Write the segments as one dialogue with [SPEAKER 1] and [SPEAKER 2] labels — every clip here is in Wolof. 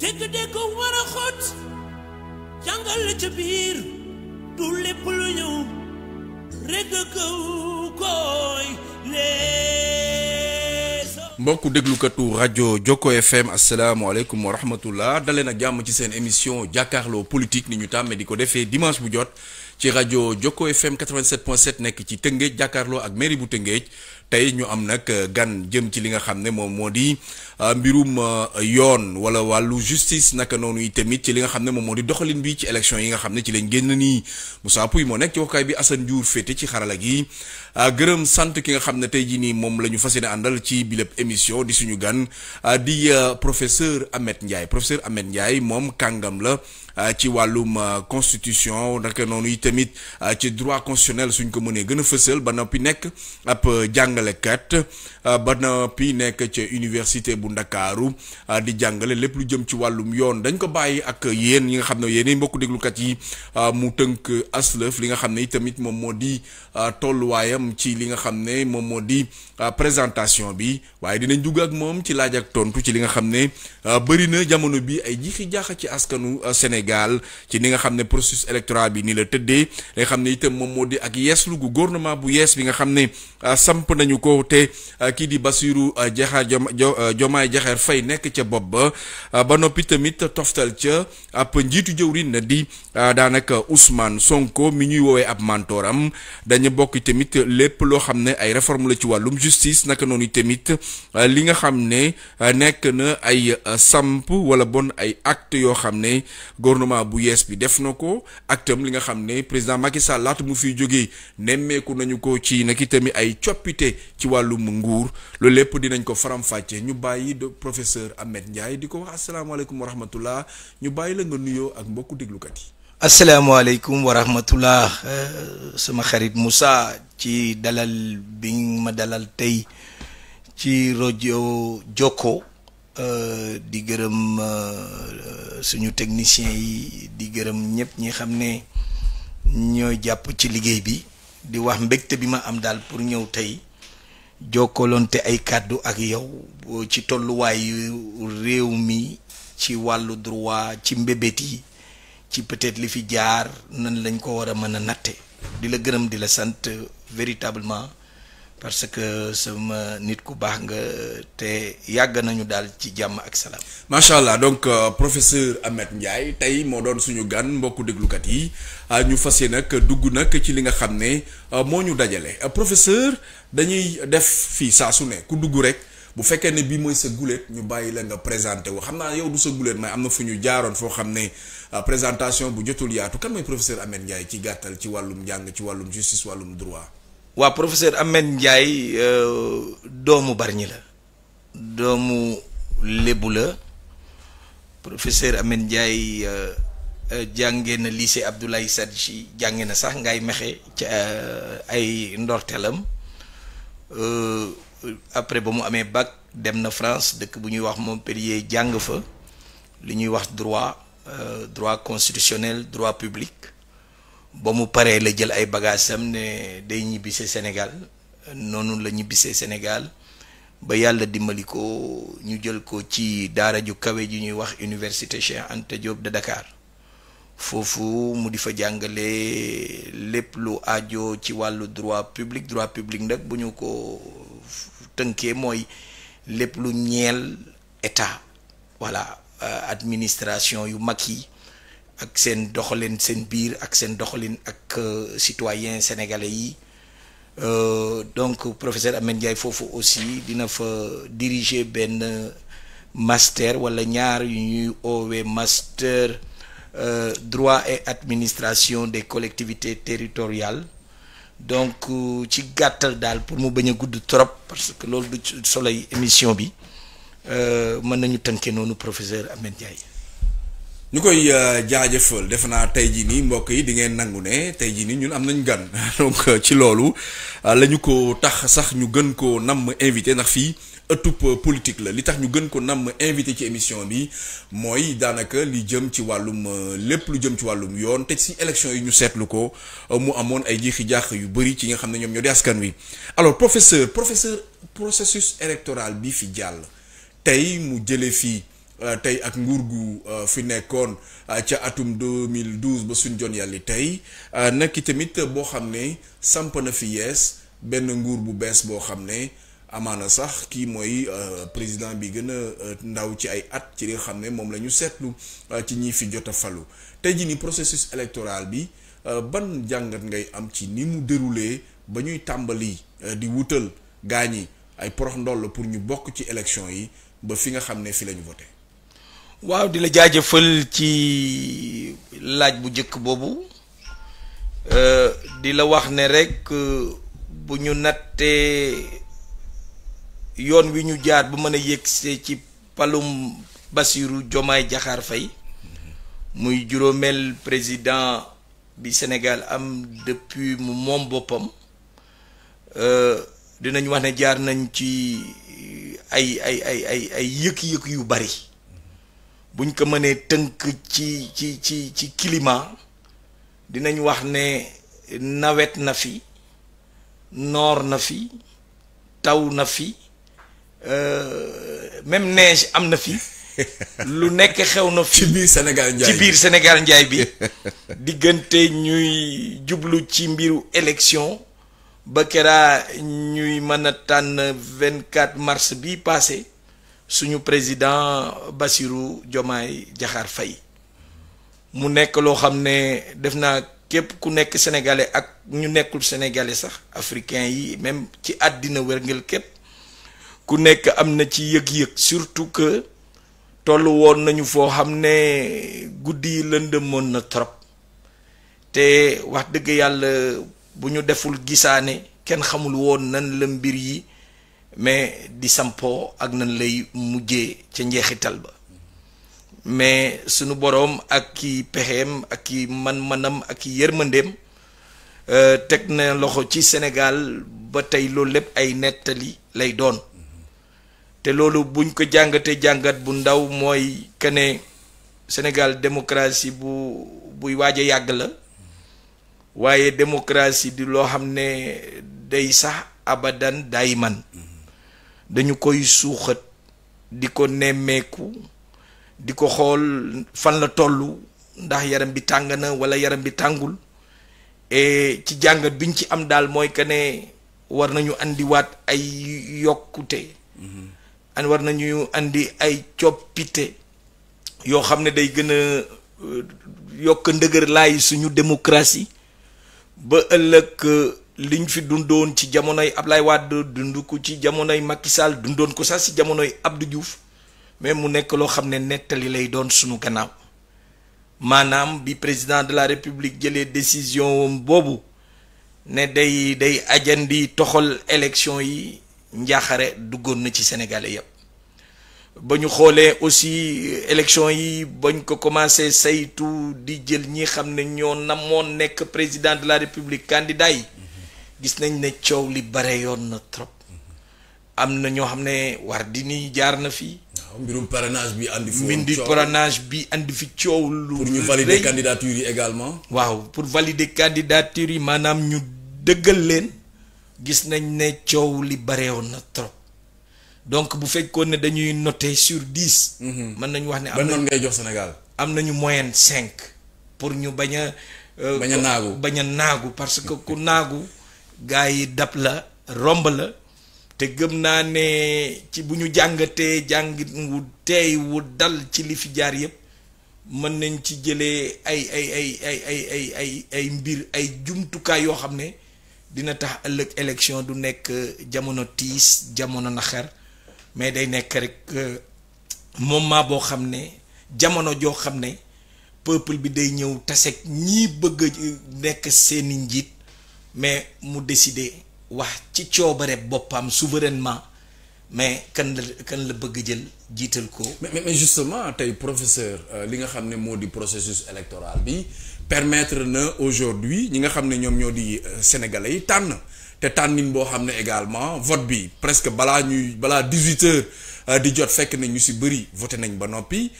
[SPEAKER 1] dégg-dégg war a xóot jàngal la ca biir du lépp lu ñëw rekk kaw koy
[SPEAKER 2] lees mbokku déglukatu rajo Jokko FM asalaamaaleykum wa rahmatullah dalee na jàmm ci seen émission jàkkaarloo politique ni ñu tàmmee di ko defee dimanche bu jot ci rajo Jokko FM 87.7 nekk ci Tëngéej jàkkaarloo ak mairie bu Tëngéej tey ñu am nag euh, gan jëm ci li nga xam ne moom moo di euh, mbirum euh, yoon wala wàllu justice naka noonu yi tamit ci li nga xam ne moom moo di doxalin bi ci élection yi nga xam ne ci lañ génn nii Moussa Pouy moo nekk ci waxukaay bi Assane Diour féete ci xarala gi gërëm sant ki nga xam ne tey jii nii moom la ñu fas yéene àndal ci bileb émission di suñu gan di professeur Ahmed Ndiaye professeur Ahmed Ndiaye moom kàngam la. Euh, ci wàllum euh, constitution naka noonu yi tamit euh, ci droit constitutionnel suñ ko mënee gën a fësal ba noppi nekk ab jàngalekat ba noppi nekk ci université bu ndakaaru di jàngale lépp lu jëm ci wàllum yoon dañ ko bàyyi ak yéen yi nga xam ne yéenay mbokku déglukat yi mu tënk aslëf li nga xam ne tamit moom moo di tolluwaayam ci li nga xam ne moom moo di présentation bi waaye dinañ dugg ak moom ci laaj ak tontu ci li nga xam ne bëri na jamono bi ay jiixi jaaxa ci askanu Sénégal. Sénégal ci ni nga xam ne processus électoral bi ni la tëddee li nga xam ne itam moom moo di ak yeeslu gu gouvernement bu yees bi nga xam ne ah, samp nañu ko te ah, kii di Bassirou ah, Diakhar Diomaye Diakhar Faye nekk ca bopp ba ba noppi tamit toftal ca ab njiitu jëwriñ na di daanaka Ousmane Sonko mi ñuy woowee ab mantooram dañu bokk tamit lépp loo xam ne ay réforme la ci wàllum justice naka noonu tamit li nga xam ne nekk na ay samp wala bon ay acte yoo xam ne gouvernement bu yees bi def na ko ak li nga xam ne président Macky Sall mu fi jógee nemmeeku nañu ko ci nag itamit ay coppite ci wàllum nguur loolu lépp dinañ ko faram-fàccee ñu bàyyi de professeur Ahmed Ndiaye di ko wax asalaamaaleykum wa rahmatullah ñu bàyyi la nga nuyoo ak mbokku déglukat yi.
[SPEAKER 1] asalaamaaleykum wa rahmatullah euh, sama xarit Moussa ci dalal bi ma dalal tey ci rajo Jokko. Euh, di gërëm euh, euh, suñu techniciens yi di gërëm ñëpp ñi xam ne ñooy jàpp ci liggéey bi di wax mbégte bi ma am daal pour ñëw tey jokkaloonte ay kàddu ak yow ci tolluwaay tolluwaayu réew mi ci wàllu droit ci mbébét yi ci peut-être li fi jaar nan lañ ko war a mën a natte di la gërëm di la sant véritablement parce que sama nit ku baax nga te yàgg nañu daal ci
[SPEAKER 2] jàmm ak salaam. macha allah donc euh, professeur Ahmet Ndiaye tey moo doon suñu gan mbokku déglukat yi euh, ñu fas yéene nag dugg nag ci li nga xam ne euh, moo ñu dajale euh, professeur dañuy def fii saa su ne ku dugg rek bu fekkee ne bii mooy sa guléet ñu bàyyi la nga présenté wu xam naa yow du sa guléet mais am na fu ñu jaaroon foo xam ne présentation bu jotul yaatu kan mooy professeur Ahmet Ndiaye ci gàttal ci wàllum njàng ci wàllum justice wàllum droit.
[SPEAKER 1] waa professeur Ahmed Ndiaye euh, doomu Bargny la doomu Lébu la professeur Ahmed Ndiaye euh, euh, jànge na lycée Abdoulaye Sadji jàngee na sax ngay mexe ca ay ndorteelam après ba mu amee bac dem na France dëkk bu ñuy wax Montpellier jàng fa li ñuy wax droit droit constitutionnel droit publique ba mu paré la jël ay bagaasam ne day ñibbise Sénégal nonu la ñibbisee Sénégal ba yalla dimbali ko ñu jël ko ci daara ju kawé ji ñuy wax université Cheikh Anta Diop de Dakar fofu mu di fa jàngale lepp lu aajo ci walu droit public droit public nak buñu ko tënkee moy lepp lu ñël état voilà euh, administration yu makki ak sen doxalin sen bir ak ak euh, citoyen sénégalais yi euh, donc professeur Ahmed Ndiaye aussi dina fa diriger ben master wala ñaar yu ñuy master euh, droit et administration des collectivités territoriales donc ci gattal d'al pour mu bañ a gudd trop parce que loolu du soleil émission bi mën nañu nonu professeur Ahmed ñu koy euh, jaajëfal defe naa tey
[SPEAKER 2] jii nii mbokk yi di ngeen nangu ne tey jii nii ñun am nañ gan donc euh, ci loolu euh, la ñu ko tax sax ñu gën ko namm invité ndax fii ëttub politique la li tax ñu gën ko namm invité ci émission bi mooy daanaka li jëm ci wàllum lépp lu jëm ci wàllum yoon te ci élection yi ñu seetlu ko mu amoon ay jiixi jaax yu bëri ci nga xam ne ñoom ñoo di askan wi alors professeur professeur processus électoral bi fi jàll tey mu jëlee fii. Euh, tey ak nguur gu euh, fi nekkoon euh, ca atum 2012 ba suñ jon yàlli tey nekki tamit boo xam ne samp na fi yees benn nguur bu bees boo xam ne amaana sax kii mooy président bi gën a ndaw ci ay at ci li nga xam ne moom la ñu seetlu ci ñi fi jot falu tey ji ni processus électoral bi ban jàngat ngay am ci ni mu déroulé ba ñuy tàmbali di wutal gaañi ay porox ndoll pour ñu bokk ci élection yi ba fi nga xam ne fi la ñu voté
[SPEAKER 1] waaw di la jaajëfal ci laaj bu jëkk boobu euh, di la wax ne rek euh, bu ñu nattee yoon wi ñu jaar ba mën a yëgsee ci palum Bassirou Diomaye Diakhar Faye muy juróomeel président bi Sénégal am depuis mu moom boppam euh, dinañ wax ne jaar nañ ci ay ay ay ay ay yëkk-yëkk yu bari buñ ko mënee tënk ci ci ci ci climat dinañ wax ne nawet na fi noor na fi taw na fi euh, même neige am na fi lu nekk xew na fi ci biir Sénégal njaay bi diggante ñuy jublu ci mbiru élection ba keraa ñuy mën a tànn vingt-quatre mars bi passé suñu président basiru Diomaye Diakhar Faye mu nekk loo xam ne def naa képp ku nekk sénégalais ak ñu nekkul sénégalais sax africain yi même ci àddina wërngël képp ku nekk am na ci yëg-yëg surtout que toll woon nañu foo xam ne guddi yi lëndëmoon na trop te wax dëgg yàlla bu ñu deful gisaane kenn xamul woon nan la mbir yi mais di sampo ak nan lay mujjee ca njeexital ba mais sunu boroom ak ki pexeem ak ki man-manam ak ki yërmandeem euh, teg na loxo ci Sénégal ba tey loolu lépp ay nettali lay doon te loolu buñ ko jàngatee jàngat bu ndaw mooy que ne Sénégal démocratie bu buy waaj a yàgg la waaye démocratie di loo xam ne day sax abadan man dañu koy suuxat di ko nemmeeku di ko xool fan la tollu ndax yaram bi tàng na wala yaram bi tàngul et ci jàngat biñ ci am daal mooy que ne war nañu andiwaat ay yokkute an war nañu andi ay coppite yoo xam ne day gën a euh, yokk ndëgër laay suñu démocratie ba ëllëg euh, liñ fi dundon ci jamonoy Ablaye wad dund ko ci jamonoy Macky Sall dundoon ko sax si jamonoy Abdou Diouf mais mu nek lo xamne netali lay doon sunu gannaaw manam bi président de la république jëlee décision bobu ne day day ajandi toxol élection yi njaaxare dugon na ci Sénégalais yeb bañu xolé aussi élection yi bañ ko commencé saytu di jël ñi xamne ño ñoo nek nekk président de la république candidat yi gis nañ ne coow li bare yoon na trop am na ñoo xam ne war di ni jaar na fi mbirum parrainage bi andi. fi mbirum parrainage bi andi fi coow lu. pour ñu valider candidature yi également. waaw pour valider candidature yi maanaam ñu dëggal leen gis nañ ne coow li bareewoon na trop donc bu fekkoon ne dañuy noter sur 10 mhm. mën nañu wax ne ba na ngay jox Sénégal. am nañu moyenne 5 pour ñu bañ a. Euh, bañ a naagu bañ a naagu parce que ku naagu. gaa yi dab la romb la te gëm naa ne ci bu ñu jàngatee jàng wu teey wu dal ci li fi jaar yëpp mën nañ ci jëlee ay ay ay ay ay ay ay mbir ay jumtukaay yoo xam ne dina tax ëllëg élection du nekk euh, jamono tiis jamono naxar mais day nekk rek euh, moment boo xam ne jamono joo xam ne peuple bi day ñëw taseeg ñii bëgg euh, nekk seeni njiit mais mu décider wax ci coobare bopam souverainement mais kan le kan le bëgg jël jital ko.
[SPEAKER 2] mais mais justement tay professeur euh, li nga xamné modi processus électoral bi permettre na aujourd'hui ñi nga xamné ñom ñoo di euh, sénégalais yi tànn te tànnin boo également vote bi presque bala ñuy bala 18 h di jot fekk na ñu ci bëri voté nañ ba noppi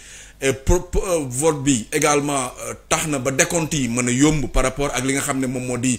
[SPEAKER 2] pro euh, vote bi également tax na ba décompte yi yomb par rapport ak li nga xamné mom modi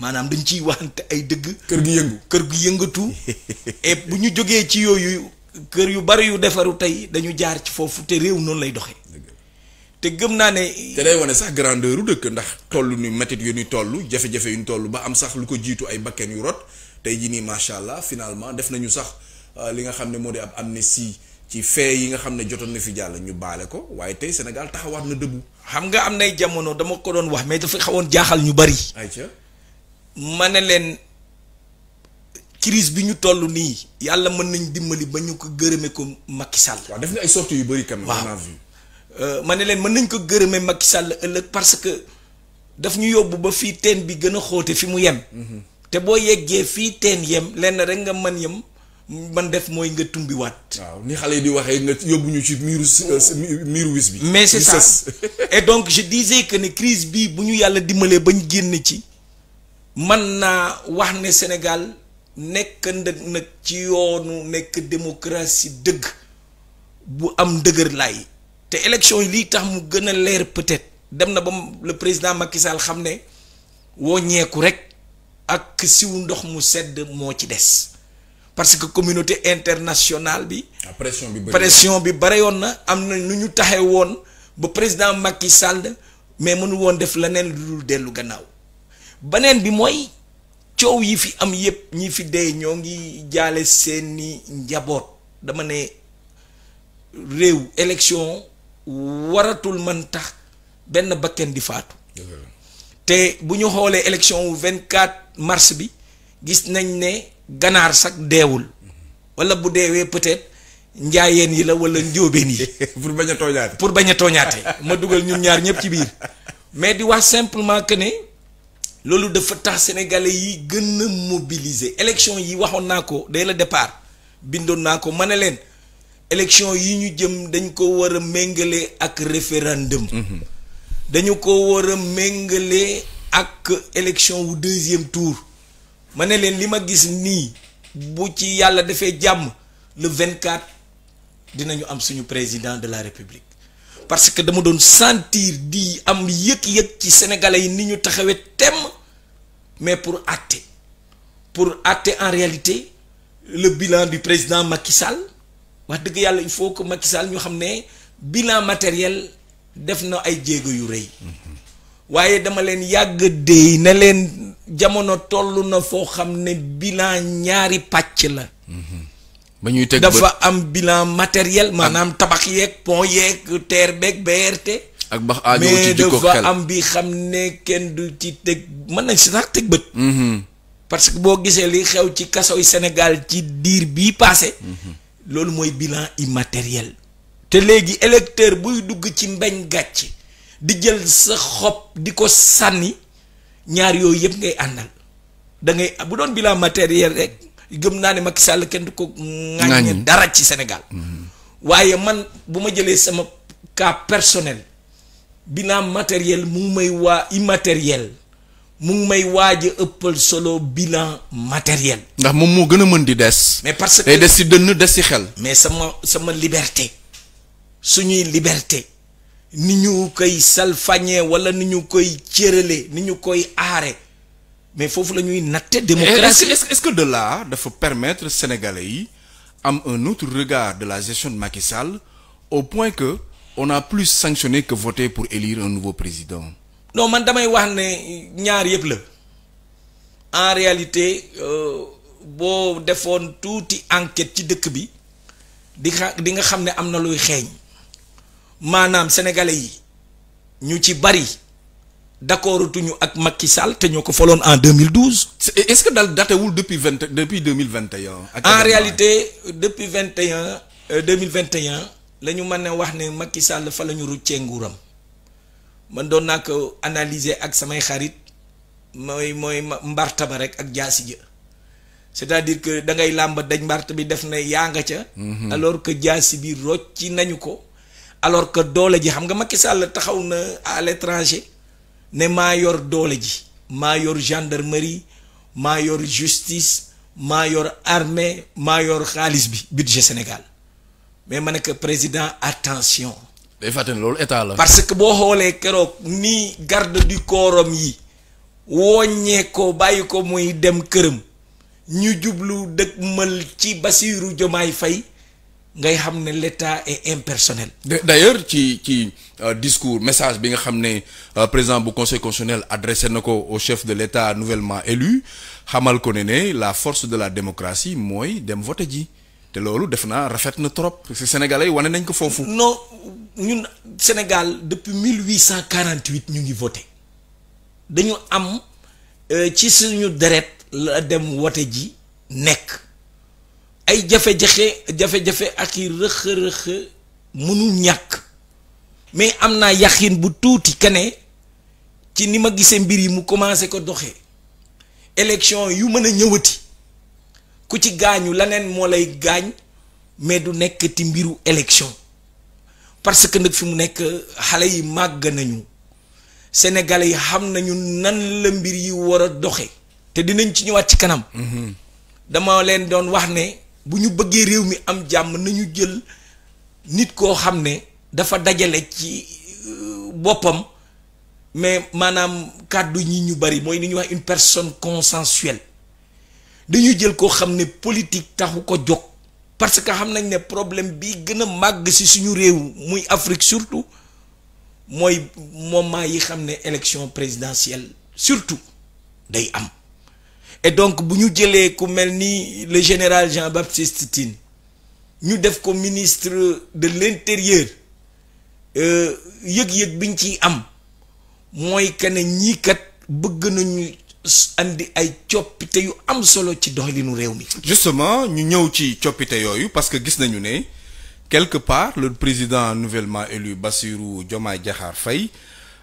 [SPEAKER 1] maanaam dañ ciy waxante ay dëgg. kër gi yëngu kër gi yëngatu. et bu ñu jógee ci yooyu kër yu bari yu defaru tey dañu jaar ci foofu te réew noonu lay doxe te gëm naa ne. te day wane sax grandeur u dëkk ndax toll ni
[SPEAKER 2] métit yu ñuy toll jafe-jafe yu ñu toll ba am sax lu ko jiitu ay bakken yu tey jii nii macha allah finalement def nañu sax euh, li nga xam ne moo di ab amnistie ci fee yi nga xam ne jotoon na fi jàll ñu
[SPEAKER 1] baale ko waaye tey Sénégal taxawaat na dëbbu. xam nga am nay jamono dama ko doon wax mais dafa xawoon jaaxal ñu bari. ma ne leen crise bi ñu toll nii yàlla mën nañ dimbali ba ñu ko gërëme ko Macky Sall. waaw def nga ay sorties yu bëri quand même. a vu euh, ma ne leen mën nañ ko gërëme Macky sàll ëllëg parce que daf ñu yóbbu ba fii teen bi gën a xóote fi mu yem. Mhm. te boo yeggee fii teen yem lenn rek nga man yem man def mooy nga tumbiwaat. waaw ni xale yi di waxee nga yóbbu ñu ci miiru euh, miiru wis bi. mais c'est ça et donc je que ne crise bii bu ñu yàlla dimbalee ba ñu génn ci. man naa wax ne Sénégal nekk ndëg nag ci yoonu nekk démocratie dëgg bu am dëgër laay te élection yi lii tax mu gën a leer peut-être dem na ba le président Macky Sall xam ne wooññeeku rek ak siwu ndox mu sedd moo ci des parce que communauté internationale bi. Ah, pression bi bi bare yoon na am na lu ñu taxee woon ba président Macky Sall mais mënu woon def leneen lu dul dellu gannaaw. beneen bi mooy coow yi fi am yépp ñi fi dee ñoo ngi jaale seeni njaboot dama ne réew élection waratul man tax benn bakken di faatu te bu ñu xoolee élection wu 24 mars bi gis nañ ne ganaar sax deewul wala bu deewee peut-être njaayeen yi la wala njóobeen yi. pour bañ a tooñaate pour bañ a tooñaate ma dugal ñun ñaar ñëpp ci biir mais di wax simplement que ne. loolu dafa tax sénégalais yi gëna a mobiliser élection yi waxon nako dès le départ bindon nako ko ma élection yi ñu jëm dañ ko war mengalé ak référendum mhm. dañ ko war mengalé ak élection wu deuxième tour ma lima leen gis ni bu ci yalla defee jàmm le 24 dinañu am suñu président de la république parce que dama doon sentir di am yëg-yëg ci sénégalais yi ni ñu taxawee tem mais pour acter pour acter en réalité le bilan du président Macky wax dëgg yàlla il faut que Macky Sall ñu xam ne bilan matériel def na ay jéego yu rëy waaye dama leen yàgg déy ne leen jamono toll na foo xam ne bilan ñaari pàcc la.
[SPEAKER 2] ba ñuy teg dafa
[SPEAKER 1] am bilan matériel maanaam tabax yeeg pont yeeg terre beeg BRT. ak bax aajoo ci jikko xel mais dafa am bi xam ne kenn du ci teg mën nañ si sax teg bët. Mm-hmm. parce que boo gisee li xew ci kasoy Sénégal ci diir bii passé. Mm-hmm. loolu mooy bilan immatériel. te léegi électeur buy dugg ci mbeñ gàcc di jël sa xob di ko sànni ñaar yooyu yëpp ngay àndal da ngay bu doon bilan matériel rek. gëm naa ne Macky Sall kenn du ko ŋàññe dara ci Sénégal mm-hmm. waaye man bu ma jëlee sama cas personnel binaa matériel mu may waa immatériel mu may waaj a ëppal solo bilan matériel. ndax moom moo gën a mën di des. mais parce que des si dënn des si xel. mais sama sama liberté suñuy liberté ni ñu koy salfañee wala ni ñu koy cërale ni ñu koy aare mais faut la ñuy démocratie est
[SPEAKER 2] ce que de là faut permettre sénégalais am un autre regard de la gestion de Macky Sall au point que on a plus sanctionné que voté pour élire un nouveau président.
[SPEAKER 1] non man damay wax ne ñaar yëpp la en réalité euh, bo defoon touti enquête ci dëkk bi di nga xamné ne luy sénégalais yi ñu ci bari. d'accorduñu ak Macky Sall te ñoo ko faloon en 2012. est-ce que datewul depuis vingt depuis deux mille vingt et un en réalité depuis vingt et euh, deux mille vingt en un la ñu mën a wax ne Macky Sall fa la ñu ruccee nguuram man doon naa ko analyser ak samay xarit mooy mooy mbarta ba rek ak jaasi ja c'est-à-dire que da ngay làmb daj mbart bi def na yaa nga ca. Mhm. alors que jaasi bi rocci nañu ko. alors que doole ji xam nga Macky Sall taxaw na à l'étranger ne maa yor doole ji maa yor gendarmerie maa yor justice maa yor armée maa yor xaalis bi budget Sénégal mais ma ne président attention. day fàttali loolu état la. parce que boo xoolee keroog nii garde du corps yi wooññee ko bàyyi ko muy dem këram ñu jublu dëkk mël ci Bassirou Diomaye fay l'état est impersonnel. d'ailleurs
[SPEAKER 2] ci ci euh, discours message bi nga xamné euh, président du conseil constitutionnel adressé au chef de l'état nouvellement élu xamal ko la force de la démocratie moy dem voter ji té que nous avons trop si sénégalais wané nañ ko fofu non
[SPEAKER 1] ñun Sénégal depuis 1848 nous ngi voté dañu am euh, ci suñu nous la dem voter ji ay jafe-jafe jafe-jafe ak rekh rekh rëx ñak mais amna yakhin bu tuuti kane ci ni ma mbir yi mu commencé ko doxé élection yu mëna ñëwëti ku ci gañu lanen mo lay gañ mais du nekk ti mbiru élection parce que nak fi nekk xalé yi nañu sénégalais yi xam nañu nan la mbir yi wara doxé té dinañ ci ñëwaat ci kanam mm-hmm. dama leen doon wax né bu nous bëggee réew mi am jàmm nañu jël nit koo xam ne dafa dajale ci euh, mais maanaam kàddu ñi ñu bari wax une personne consensuelle dañu jël koo xam ne politique taxu ko parce que xam nañ ne problème bi suñu Afrique surtout moment yi élection présidentielle surtout et donc bu ñu ku mel le général Jean-Baptiste Tine ñu def ko ministre de l'intérieur euh, yëg-yëg biñ ciy am mooy que ne ñii kat bëgg nañu andi ay coppite yu am solo ci doxalinu réew mi. justement
[SPEAKER 2] ñu ñëw ci coppite yooyu parce que gis nañu ne quelque part le président nouvellement élu Bassirou Diomaye Diakhar Faye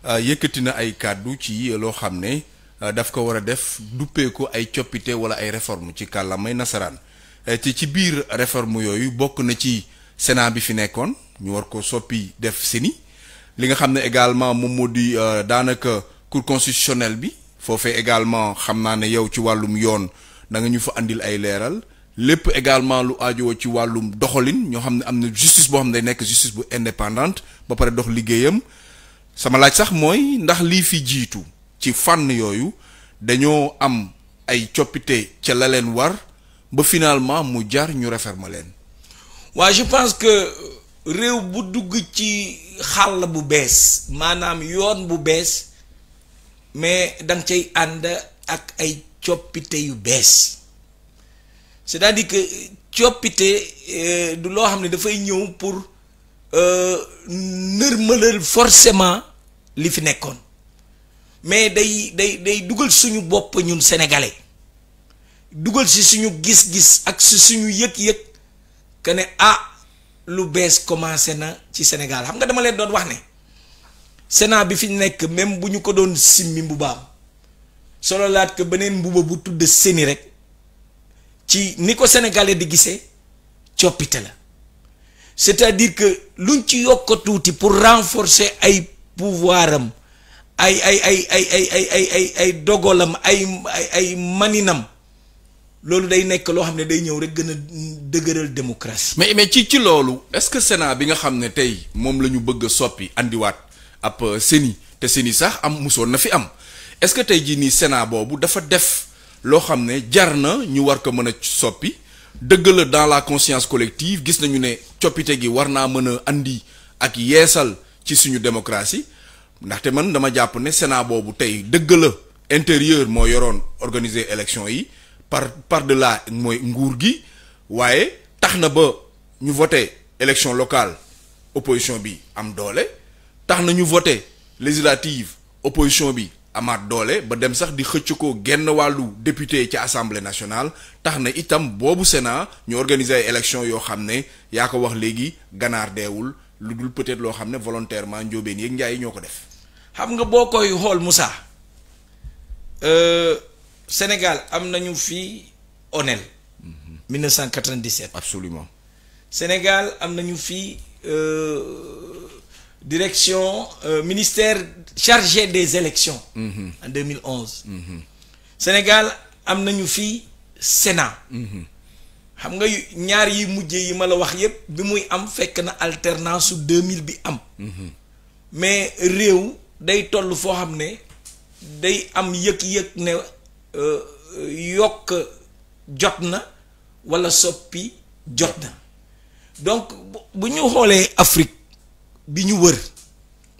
[SPEAKER 2] euh, yëkkati na ay kàddu ci loo xam ne. Euh, daf ko war a def duppee ko ay coppite wala ay réforme ci kàllaamay nasaraan euh, te ci biir réforme yooyu bokk na ci Sénat bi fi nekkoon ñu war ko soppi def seni li nga xam ne également moom moo di euh, daanaka cour constitutionnelle bi foofee également xam naa ne yow ci wàllum yoon da nga ñu fa indil ay leeral lépp également lu aajowoo ci wàllum doxalin ñoo xam ne am na justice boo xam ne day nekk justice bu indépendante ba pare dox liggéeyam sama laaj sax mooy ndax lii fi jiitu ci fànn yooyu dañoo am ay coppite ca laleen war ba finalement
[SPEAKER 1] mu jar ñu ma leen waa je pense que réew bu dugg ci xàll bu bees maanaam yoon bu bees mais danga cay ànd ak ay coppité yu bees cest à di que coppité euh, du loo xam ne dafay ñëw pour euh, nërmalal forcément li fi nekkoon mais day day day dugal suñu bopp ñun sénégalais dugal si suñu gis-gis ak si suñu yëg-yëg que ne ah lu bees commencé na ci Sénégal xam nga dama leen doon wax ne Sénat bi fi nekk même bu ñu ko doon simmi mbubaam solo laat que beneen mbuba bu tudd seni rek ci ni ko sénégalais di gisee coppite la c'est-à-dire que luñ ci yokk tuuti pour renforcer ay pouvoiram ay ay ay ay ay ay ay ay ay dogolam ay ay ay maninam loolu day nekk loo xam ne day ñëw rek gën a dëgëral démocratie.
[SPEAKER 2] mais mais ci ci loolu est-ce que Sénat bi nga xam ne tey moom la ñu bëgg a soppi andiwaat ab seni euh, te seni sax am musoon na fi am est-ce que tey jii nii Sénat boobu dafa def loo xam ne jar na ñu war ko mën a soppi dëgg dans la conscience collective gis nañu ne coppite gi war naa mën a andi ak yeesal ci suñu démocratie. ndaxte man dama japp ne Sénat bobu tay dëgg la intérieur mo yoron organiser élection yi par par de là moy nguur gi waaye tax ba ñu voter élection locale opposition bi am doole taxna ñu voter législative opposition bi amaat doole ba dem sax di xëcc ko genn walu député ci assemblée nationale taxna itam bobu Sénat ñu organiser élection yo xamné ya ko wax légui ganaar deewul peut-être lo xamné
[SPEAKER 1] volontairement ñobéne yeeg njaay yi def xam nga boo koy xool Moussa euh, Sénégal am nañu fi ONEL. 1997. absolument Sénégal am nañu fi euh, direction euh, ministère chargé des élections. Mm-hmm. en 2011. Mm-hmm. Sénégal am nañu fi Sénat. Mm-hmm. xam nga ñaar yi mujje yi ma la wax yépp bi muy am fekk na alternance 2000 bi am. mais réew. day toll foo xam ne day am yëg-yëg ne euh, yokk jot na walla soppi jot na donc bu ñu xoolee Afrique bi ñu wër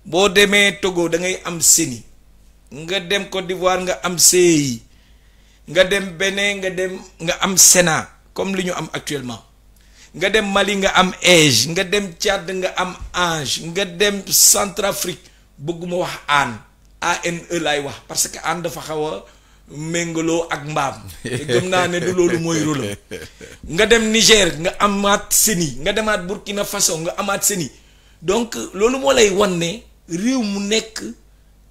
[SPEAKER 1] boo demee Togo da ngay am CENI nga dem Côte d'Ivoire nga am CEI nga dem Bénin nga dem nga am Sénat comme li ñu am actuellement nga dem Mali nga am AIGE nga dem Tchad nga am ANGE nga dem Centrafrique bëgguma wax aan ANE laay wax parce que aan dafa xaw a méngaloo ak mbaam gëm naa ne du loolu mooy rôlam nga dem Niger nga amaat seni nga demaat Burkina façon nga amaat seni donc loolu moo lay wan ne réew mu nekk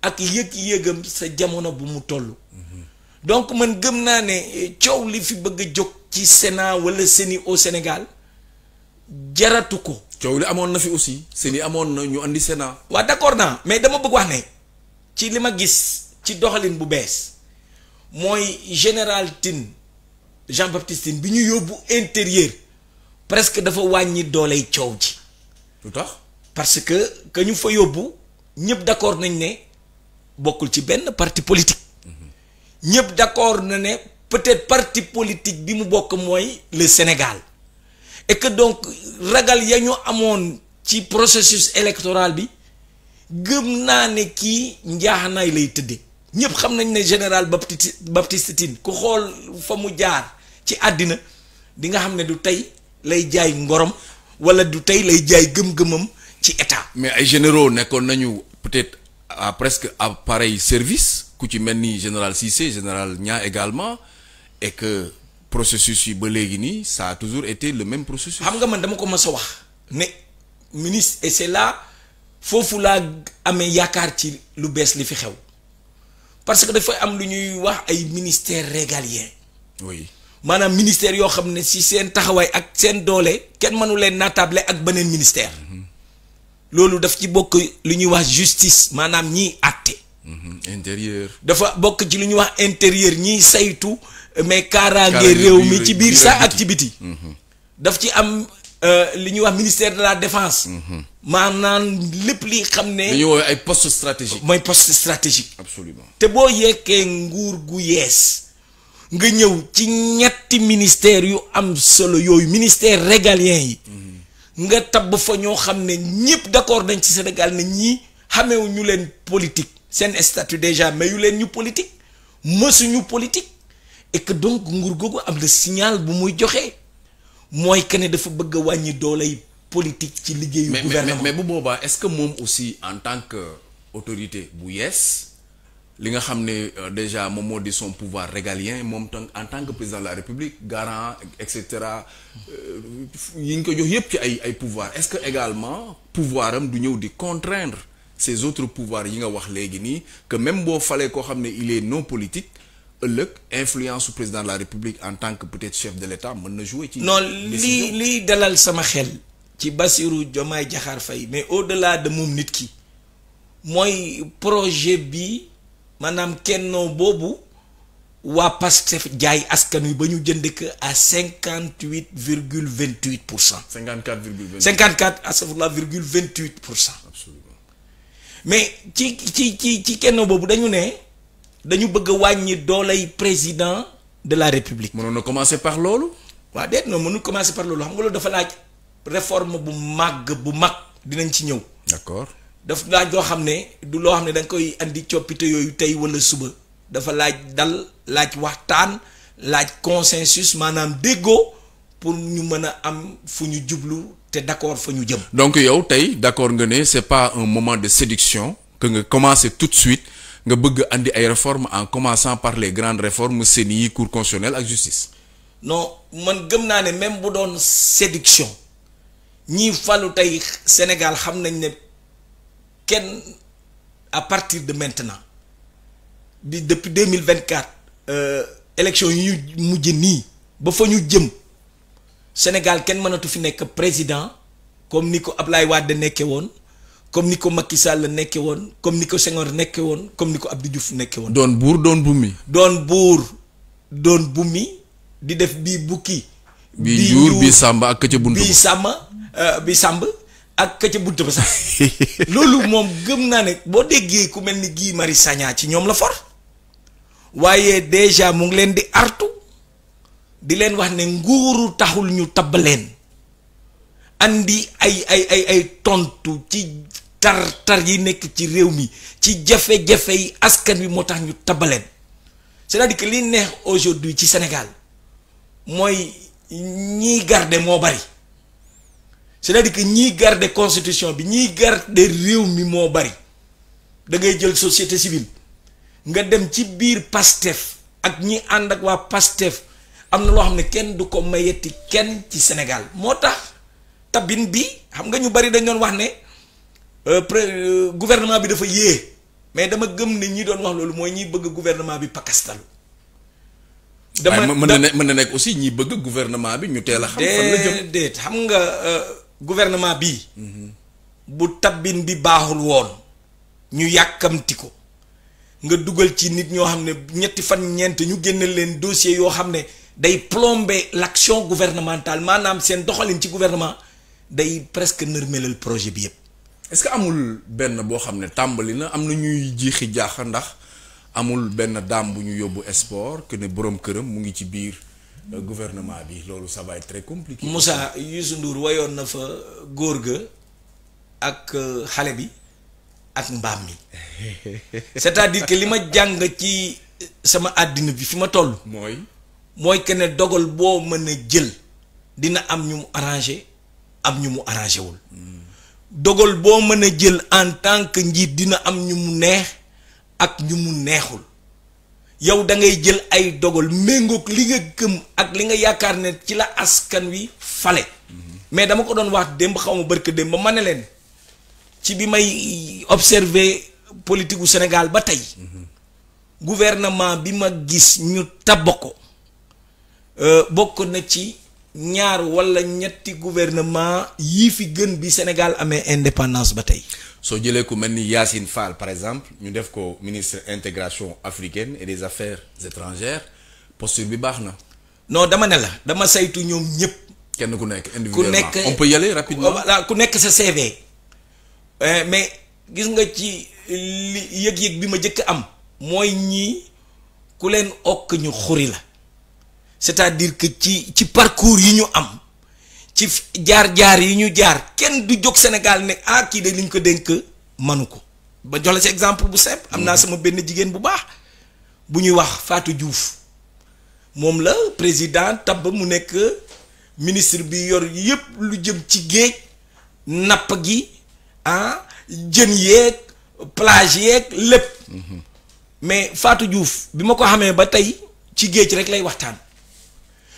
[SPEAKER 1] ak yëg-yëgam sa jamono bu mu toll donc man gëm naa ne coow li fi bëgg a jóg ci Sénat wala seni au Sénégal jaratu ko C'est li na fi aussi c'est ñu andi Sénat. d'accord mais dama ci gis ci général Jean Baptiste intérieur presque dafa wañi ciow ci parce que que ñu fa ñëp d'accord nañ parti politique. Mhm. d'accord na peut-être parti politique bi mu le Sénégal. et donc ragal ya ñu amoon ci processus électoral bi gëm naa ne kii njaaxanaay lay tëddee ñëpp xam nañ ne général Baptiste Baptiste Tine ku xool fa mu jaar ci àddina di nga xam ne du tey lay jaay ngorom wala du tey lay jaay gëm-gëmam ci état. mais
[SPEAKER 2] ay généraux nekkoon nañu peut-être à presque à pareil service ku ci mel ni général se général Niang également et que. processus yi ba légui ça a
[SPEAKER 1] toujours été le même processus. xam nga man dama ko mës wax né ministre et c'est là fofu la amé yakar ci lu bees li fi xew parce que fay am lu ñuy wax ay ministères régaliens. oui manam ministère yo xamné si sen taxaway ak sen dolé ken mënu len natablé ak benen ministère. lolu daf ci bokk lu ñuy wax justice maanaam ñiy àtte. Mhm. intérieur. dafa bokk ci lu ñuy wax intérieur ñiy saytu. mais kaaraange réew mi ci biir sa ak ci biti mm-hmm. daf ci am euh, li ñuy wax ministère de la maa mm-hmm. maanaam lépp li xam ne dañu woowee ay poste stratégique mooy poste stratégique absolument te boo yekkee nguur gu yees nga ñëw ci ñetti ministère yu am solo yooyu ministère régalien yi mm-hmm. nga tabb fa ñoo xam ne ñëpp d'accord nañ ci Sénégal ne ñi xamewu ñu leen politique seen statut déjà mais yu leen ñu politique suñu politique et que donc nguur googu am le signal bu muy joxe moy que dafa bëgg wañi wàññi doolay politique ci liggéeyu gouvernement mais bu boba est-ce que
[SPEAKER 2] mom aussi en tant que autorité bu yes li nga xamné euh, déjà mom modi de son pouvoir régalien mom en tant que président de la république garant etc. Euh, yi ko jox yépp ci ay ay pouvoir est-ce que également pouvoir est du ñëw di contraindre ces autres pouvoirs yi nga wax légui ni que même si il ko xamné il est non
[SPEAKER 1] politique L'influence influence au président de la république en tant que peut-être chef de l'État non dalal mais au-delà de mom nit projet bi Kenno wa jënd à 58,28%. 54,28%. 54,28% mais dañu bëgg a wàññi président de la république. mënoon na commencer par lolu Wa déet non mënu commencer par lolu xam nga loolu dafa laaj réforme bu mag bu mag dinañ ci ñëw. d'accord daf laaj do xamné du lo xamné ne da nga koy andi coppite yoyu tay wala suba dafa laaj dal laaj waxtaan laaj consensus manam dégo pour ñu mëna am fu ñu jublu té d'accord fa ñu jëm.
[SPEAKER 2] donc yow tay d'accord nga c'est pas un moment de séduction que nga commencer tout de suite nga bëgg andi ay réformes en commençant par les grandes réformes CENI cour constitutionnelle la justice.
[SPEAKER 1] non man gëm naa ne même bu doon séduction ñi fallu tay Sénégal xam nañ ne à partir de maintenant depuis 2024, l'élection euh, élection yu mujj ni, ba fa ñu jëm Sénégal kenn mënatu fi président comme ni ko Ablaye Wade comme niko Macky Sall nekké won comme niko Senghor nekké won comme niko Abdou Diouf nekké won
[SPEAKER 2] don bour don bumi
[SPEAKER 1] Don bur, don bumi di def buki, buki bi jour bi samba ak buntu bi bii euh, bi samba ak ci buntu ba sax loolu mom gëm na nek bo déggé ku melni gi Mari Sagna ci ñom la for wayé déjà mu ngi di artu di leen wax ne nguru taxul ñu tabb leen andi ay ay ay ay tontu ci tar-tar yi nekk ci réew mi ci jafe-jafe askan bi moo tax ñu tabaleen cest à li neex aujourd'hui ci Sénégal mooy ñiy garde moo bari cest à ñiy garde constitution bi ñiy garde réew mi moo bari dangay jël société civile nga dem ci biir Pastef ak ñi ànd ak waa Pastef am na loo xam ne kenn du ko mayeeti kenn ci Sénégal moo tax tabin bi xam nga ñu bari dañ doon wax ne euh, euh, gouvernement bi dafa yé mais dama gëm ni ñi doon wax lolu moy ñi bëgg gouvernement bi pakastalu
[SPEAKER 2] dama mën na mën na aussi ñi bëgg gouvernement bi ñu téla xam fan la jëm
[SPEAKER 1] xam nga euh, gouvernement bi mhm. bu tabin bi baaxul woon ñu yàkkamti ko nga duggal ci nit ñoo xam ñetti fan ñent ñu gënal leen dossier yo day plomber l'action gouvernementale manam sen doxalin ci gouvernement day presque nërmelal projet bi yëpp. est que amul benn boo xam ne tàmbali na am na ñuy jiixi jaax ndax amul benn daam
[SPEAKER 2] bu ñu yóbbu sport que ne boroom këram mu ngi ci biir euh, gouvernement bi loolu ça va être très
[SPEAKER 1] compliqué. Moussa Youssou Ndour wayoon na fa góor ga ak euh, xale bi ak mbaam mi
[SPEAKER 2] c'est-à-dire que
[SPEAKER 1] li ma jàng ci sama àddina bi fi ma toll. mooy mooy que ne dogal boo mën a jël dina am ñu mu arrangé. am ñu mu arrangé wul boo mën a jël en tant que njiit dina am ñu mu neex ak ñu mu neexul yow da ngay jël ay dogal méngook li nga gëm ak li nga yaakaar ne ci la askan wi fale mais dama ko doon wax démb xaw ma barka démb ma ne leen ci bi may observer politique gu Sénégal ba tey gouvernement bi ma gis ñu tabb ko euh, bokk na ci ñaar wala ñetti gouvernement yii fi gën bi Sénégal amee indépendance ba tey.
[SPEAKER 2] soo jëlee ku mel ni Yacine Fall par exemple ñu def ko ministre intégration africaine et des
[SPEAKER 1] affaires étrangères posture bi baax na. noo dama ne la dama saytu ñoom ñëpp. kenn ku nekk individuellement ku nekk on peut y aller ku nekk sa CV. Eh, mais gis nga ci li yëg-yëg bi ma jëkk am. mooy ñii ku leen okk ñu xuri la. c'est-à-dire que ci ci parcours yi ñu am ci jaar-jaar yi ñu jaar kenn du jóg Sénégal ne ah kii de li ñu ko dénk manu ko ba jox la si exemple bu simple am naa mm-hmm. sama benn jigéen bu baax bu ñuy wax faatu juuf moom la président tabb mu nekk ministre bi yor yépp lu jëm ci géej napp gi ah jën yeeg plage yeeg lépp mm-hmm. mais Fatou Diouf bi ma ko xamee ba tey ci géej rek lay waxtaan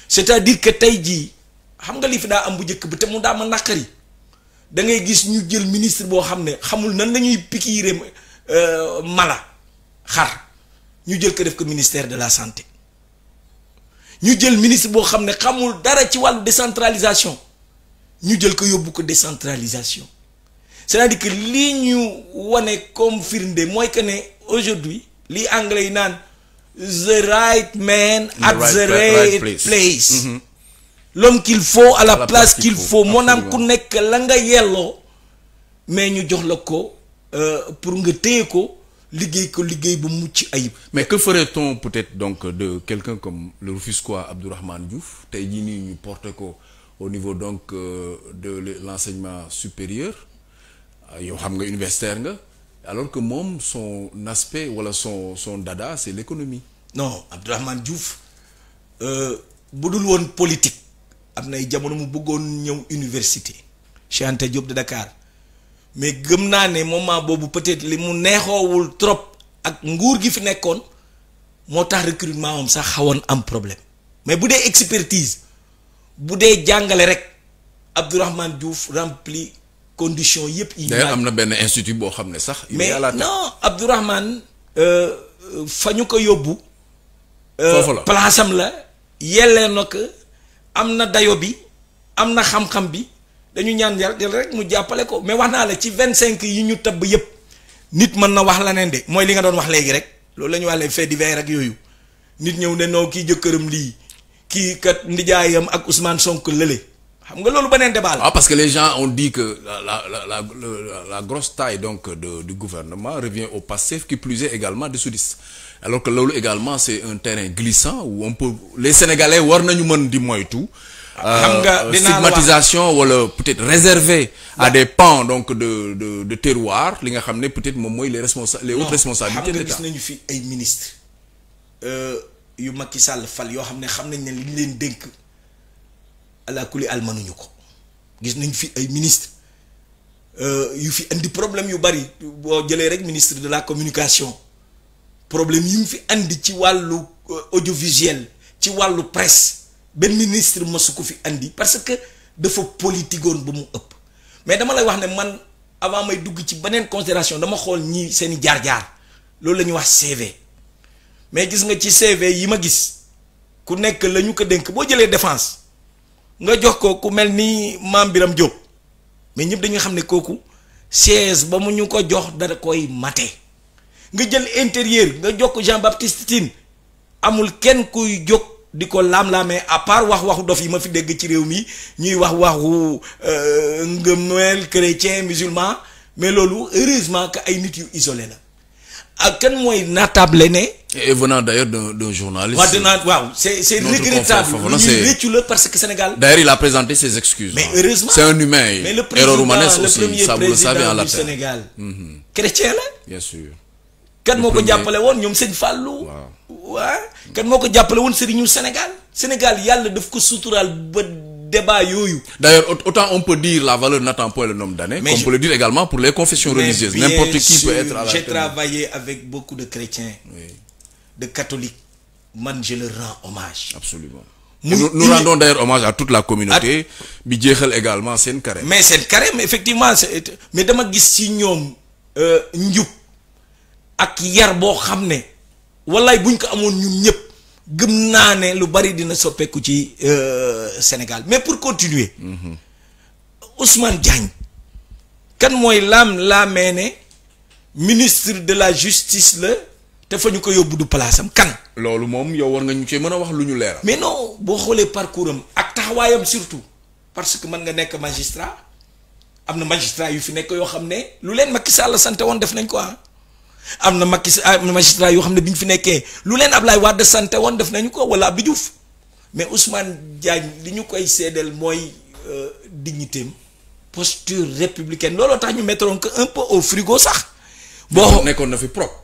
[SPEAKER 1] c'est-à-dire que tey jii xam nga li fi daa am bu njëkk bi te mu daa ma naqari da ngay gis ñu jël ministre boo xam ne xamul nan lañuy pikiire euh, mala xar ñu jël ko def ko ministère de la santé ñu jël ministre boo xam ne xamul dara ci wàllu décentralisation ñu jël ko yóbbu ko décentralisation c'est-à-dire que lii ñu wane comme firnde mooy que ne aujourd'hui lii anglais yi naan the right man the at right, the right, right place, place. Mm -hmm. l'homme qu'il faut à la, à la place, place qu'il faut Mon ku nekk la nga yello, mais ñu jox la ko euh, pour nga téye ko liggéey ko liggéey bu mucc ayib mais que ferait-on
[SPEAKER 2] peut-être donc de quelqu'un comme le Rufisquois Abdourahmane Diouf tey jii nii ñu porter ko au niveau donc euh, de l'enseignement supérieur euh, yow xam nga universitaire nga alors que Mom, son aspect wala son son dada c'est l'économie
[SPEAKER 1] non Abdourahmane Diouf euh, dul woon politique am nay jamono mu bëggoon ñëw université chez Anta Diop de Dakar mais gëm naa ne moment boobu peut-être li mu trop ak nguur gi fi nekkoon moo recrutement am sax un problème mais vous avez expertise bu dee de rek Abdourahmane Diouf rempli condition yep yi. d'ailleurs am
[SPEAKER 2] na institut bo xamné ne sax. mais non
[SPEAKER 1] abdourahman euh, euh fañu ko yobbu euh place am la. yelle nak amna dayo bi amna xam-xam bi dañu ñaan yàlla rek mu jappalé ko mais waxna la ci 25 yi ñu teub yep nit man na wax lanen de moy li nga doon wax légui rek lolou lañu walé fait les faits divers ak yooyu nit ñew né no ki jëkkëram li ki kat ndijaayam ak Ousmane Sonko lele Ah,
[SPEAKER 2] parce que les gens ont dit que la grosse taille donc du gouvernement revient au passif qui plus est également de alors que également c'est un terrain glissant où on peut les sénégalais war nañu mën di moytu. Euh, stigmatisation peut-être réservé à bah. des pans donc de de de terroir li peut-être les responsa les hautes responsabilités
[SPEAKER 1] allah kulli al mënuñu ko gis nañ fi ay ministre euh, yu fi indi problème yu bari boo jëlee rek ministre de la communication problème yi mu fi andi ci wàllu euh, audiovisuel ci wàllu presse benn ministre mosu ko fi indi parce que dafa politigoon bu mu ëpp mais dama la wax ne man avant may dugg ci beneen considération dama xool ñi seeni jaar-jaar loolu la ñuy wax CV mais gis nga ci CV yi ma gis ku nekk la ñu ko dénk boo jëlee défense nga jox ko ku mel ni maam Biram jóg mais ñëpp dañu xam ne kooku chaise ba mu ñu ko jox dara koy mate nga jël intérieur nga jox ko Jean Baptiste Tine amul kenn kuy jóg di ko laam-laamee à part wax waxu dof yi ma fi dégg ci réew mi ñuy wax waxu euh, ngëmeel chrétien musulman mais loolu heureusement que ay nit yu isolé la ak kan mooy natable ne Et venant d'ailleurs
[SPEAKER 2] d'un journaliste.
[SPEAKER 1] Waouh, c'est regrettable. Nous parce que Sénégal.
[SPEAKER 2] D'ailleurs, il a présenté ses excuses. Mais hein. heureusement. C'est un humain. Mais le président, le aussi, premier ça, président vous le en la du terre. Sénégal. Mm -hmm. Chrétien, là Bien sûr.
[SPEAKER 1] Quand moi que j'appelais won ñom sommes Fallou. Ouais. Quand moi que j'appelais won Serigne Sénégal. Sénégal Yalla daf ko soutural débat
[SPEAKER 2] D'ailleurs, autant on peut dire la valeur n'attend pas le nom d'année, comme on peut le dire également pour les confessions religieuses. N'importe qui peut être à la J'ai
[SPEAKER 1] travaillé avec beaucoup de chrétiens. Oui de catholiques, man, je leur rends hommage. Absolument. Nous, rendons d'ailleurs hommage
[SPEAKER 2] à toute la communauté,
[SPEAKER 1] mais également, c'est une carême. Mais c'est une carême, effectivement. Mais Sénégal. Mais pour continuer. Mhm. Ousmane Diagne quand moy la ministre de la justice le te fañu ko yobbu du place am kan. loolu mom yow war nga ñu ci mëna wax lu ñu mais non bo xolé parcours am ak taxawayam surtout parce que man nga nek magistrat amna magistrat yu fi nek yo xamné lu leen Macky Sall santé won def nañ ko ah Macky magistrat yu xamné biñ fi nekké lu leen Ablaye Wade santé won def nañ ko wala Abdou mais Ousmane Diagne li ñu koy sédel moy euh, dignité posture républicaine looloo tax ñu mettroon un peu au frigo sax. bo nekkoon na fi propre.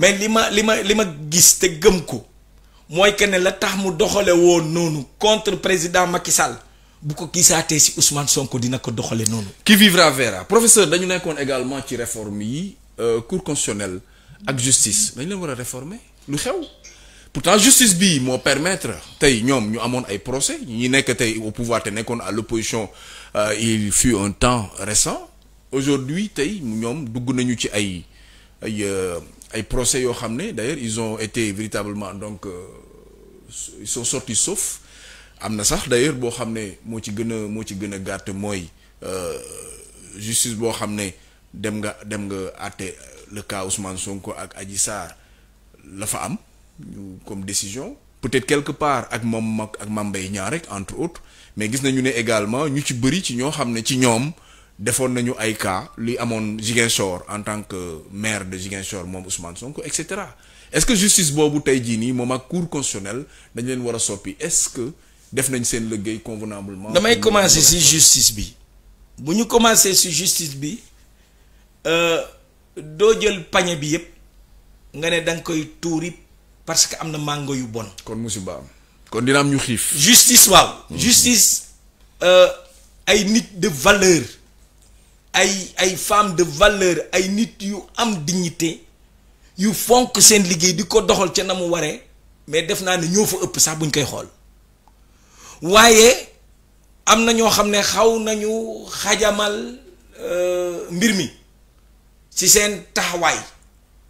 [SPEAKER 1] mais lima lima que la contre président Macky Sall bu ko Ousmane Sonko dina ko qui vivra verra professeur dañu également ci réforme
[SPEAKER 2] euh, cour constitutionnelle ak justice Mais leen wara réformer lu xew. pourtant justice bi permettre procès ñi au pouvoir te à l'opposition euh, il fut un temps récent aujourd'hui tay ñom nañu ci euh, ay procès yoo d'ailleurs ils ont été véritablement donc euh, ils sont sortis saufs amna sax d'ailleurs bo xamné mo ci gëna mo moi ci gëna moy euh justice bo xamné dem nga dem nga até le cas Ousmane Sonko ak Adji Sarr la fa am comme décision peut-être quelque part ak moom ak mambay Niang rek entre autres mais gis nañu né également ñu ci bëri ci ñoo xamné ci ñoom defoon nañu ay lui li amoon Jigenshor en tant que maire de Jigenshor Mom Ousmane Sonko et est-ce que justice boobu tey jii ak cour constitutionnelle dañ leen war est-ce que def nañ seen gay convenablement. damay commencer ci justice bi
[SPEAKER 1] bu nous commencer sur justice bi doo le panier bi yépp nga ne da parce que am na mango yu bon. kon musiba kon dina am justice waaw. Mhm. justice euh, ay nit de valeur. ay ay femme de valeur ay nit yu am dignité yu fonk seen liggéey di ko doxal ca na mu waree mais def naa ne ñoo fa ëpp sax buñ koy xool waaye am na ñoo xam ne xaw nañu xajamal euh, mbir mi si seen taxawaay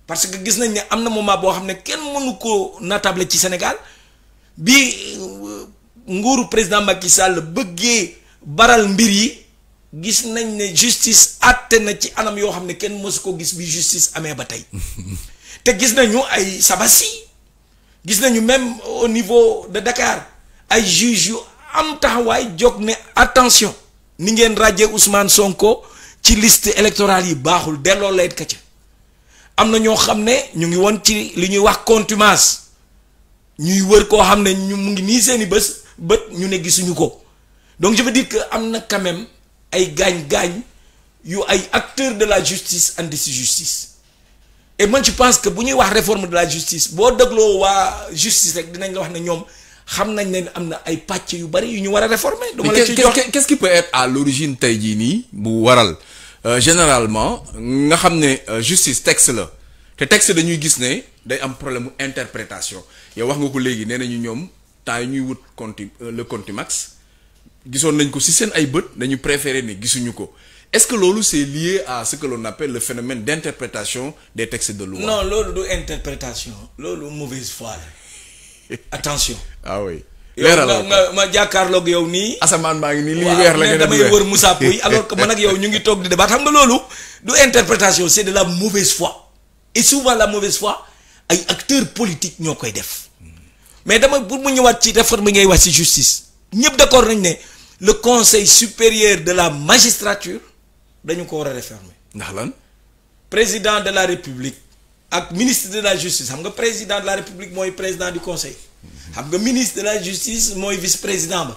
[SPEAKER 1] parce que gis nañ ne am na moment boo xam ne kenn mënu ko natable ci Sénégal bi euh, nguuru président Macky Sall bëggee baral mbir yi gis nañ ne justice àtte na ci anam yo xamné ne kenn mësu ko gis bi justice amé ba tay te gis nañu ay sabasi gis nañu même au niveau de Dakar ay juge yu am taxawaay jóg ne attention ni ngeen ràjjee Ousmane Sonko ci liste électorale yi baxul délo lay ka amna am na ñoo xam ñu ngi won ci li ñuy wax contumace ñuy wër ko xamné ne ñu ngi ni seeni bëss bët ñu ne gisunu ko donc je veux dire que am quand même gagne gagne y yu ay acteurs de la justice andi justice et moi je pense que buñuy a wax réforme de la justice si dégloo wa justice rek dinañ la wax ne ñom réformer. la qu'est-ce qui
[SPEAKER 2] peut être à l'origine de la justice généralement nga xamné euh, justice texte la te texte dañuy gis y day am problème d'interprétation interprétation yow wax nga ko légui né nañu ñom tay ñuy wut conti euh, le contexte gisoon nañ ko si sen ay beut dañu préférer ne gisunu ko est-ce que lolu c'est lié à ce que l'on appelle le phénomène d'interprétation des textes de loi non
[SPEAKER 1] lolu du interprétation lolu mauvaise foi
[SPEAKER 2] attention ah oui leeralal nga
[SPEAKER 1] ma jàkkaarloog yow ni asaman baa ngi nii la damay wër Moussa Pouy alors que man ak yow ñu ngi tok di débat xam nga lolu du interprétation c'est de la mauvaise foi et souvent la mauvaise foi ay acteurs politiques ñokoy def mais dama pour mu ñëwaat ci réforme bi ngay wax ci justice ñëpp d'accord nañ né le conseil supérieur de la magistrature dañu ko refermé. président de la république ak ministre de la justice Le président de la république le président du conseil. xam ministre de la justice le vice président Nous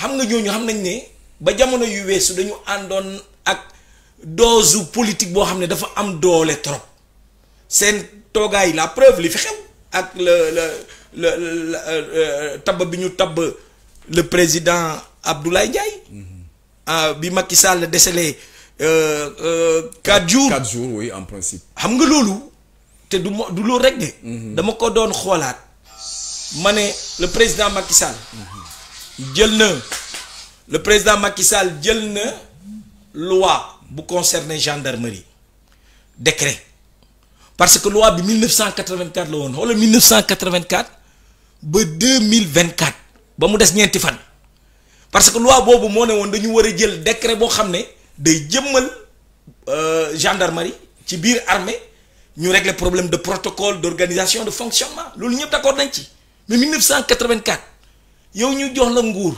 [SPEAKER 1] xam nga ñooñu xam nañ ne ba jamono yu ak politique bo xamné dafa am doole trop sen la preuve li fi ak le le le euh, euh, tab biñu tab le président. Abdoulaye Ndiaye. ah bi Macky Sall décelé euh, euh, quatre jours quatre jours oui en principe. xam nga lolu té du du lo rek de. Mhm. dama ko don xoolaat mané le président Macky Sall. jël na le président Macky Sall jël loi bu concerné gendarmerie décret parce que loi bi 1984 la won wala 1984 ba 2024 ba mu dess ñenti fan parce que loi bobu mo ne dañu décret de xamné day jëmmal euh, gendarmerie ci biir armée ñu régler problème de protocole d'organisation, de fonctionnement loolu ñepp d'accord nañ ci mais 1984 yow ñu jox la nguur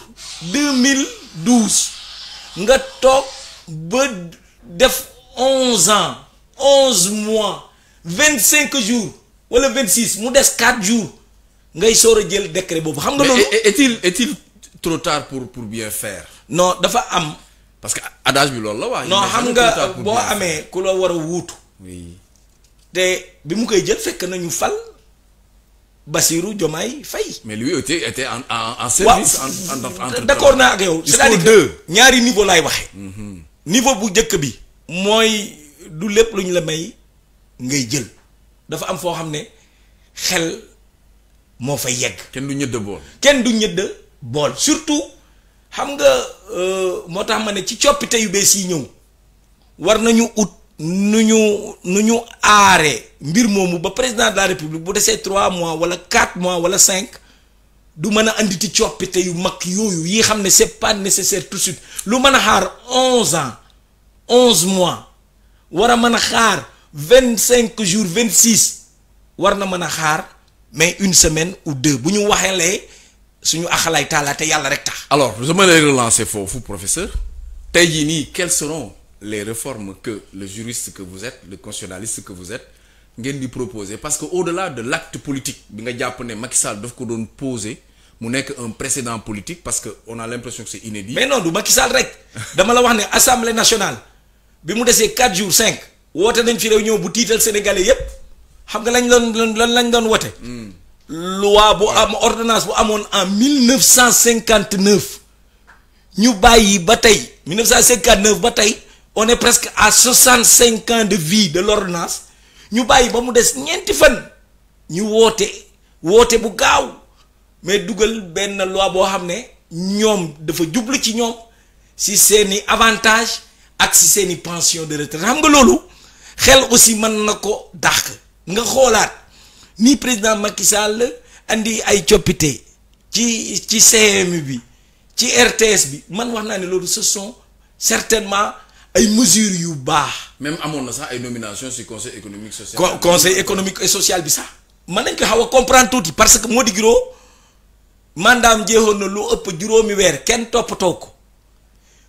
[SPEAKER 1] 2012 nga tok ba 11 ans 11 mois 25 jours wala 26 mu dess 4 jours ngay soor décret bobu est-il trop tard pour pour bien faire. non
[SPEAKER 2] dafa am. parce que adage bi lolou la waaye. non xam nga bo amé
[SPEAKER 1] ku la wara woutou. oui Té bi mu koy jël fekk nañu fal. Basiru Diomaye Fay.
[SPEAKER 2] mais lui était était en en en service. en en d'accord na ak yow. c'est-à-dire deux.
[SPEAKER 1] ñaari niveau laay waxee. Mhm. niveau bu njëkk bi. moy du lepp lu la may ngay jël dafa am fo xamné ne xel mo fay yegg. kenn du ñëdd bool. kenn du ñëdd bool surtout xam nga euh, moo tax ma ne ci coppite yu bees yi ñëw war nañu ut nu ñu nu ñu aaree mbir moomu ba président de la république bu desee trois mois wala quatre mois wala cinq du mën a indi ti coppite yu mag yooyu yi xam ne c'est pas nécessaire tout suite lu mën a xaar onze ans onze mois war a mën a xaar vingt cinq jours vingt six war na mën a xaar mais une semaine ou deux bu ñu waxee waxeelee
[SPEAKER 2] Alors, je me te relancé rek professeur Tayini, quelles seront les réformes que le juriste que vous êtes le constitutionnaliste que vous êtes ngeen lui proposer parce quau delà de l'acte politique bi nga avez Macky Sall daf ko poser mu un précédent politique parce qu'on a l'impression que c'est inédit. mais non du Macky Sall
[SPEAKER 1] rek dama la assemblée nationale bi mu a 4 jours 5 woté nañ fi réunion bu tiital sénégalais yépp xam nga lañ doon lañ loi bu am ordonnance bu en 1959 ñu bayyi batay 1959 batay on est presque à 65 ans de vie de l'ordonnance ñu bayyi ba mu dess ñenti fan ñu woté woté bu gaaw mais nous ben loi bo xamné ne dafa jublu ci ñom si seni avantage ak si seni pension de retraite xam nga lolu xel aussi man nako dakh nga ni président Macky Sall andi ay coppite ci ci CMU bi ci RTS bi man waxna naa lolu ce sont certainement ay mesures yu baax. même amoon na sax ay nominations ci conseil économique social. Con conseil économique et social bi sax. man nañ ko xaw a comprendre tuuti parce que moo di giroo mandaam na lu ëpp juróomi weer kenn toppatoo ko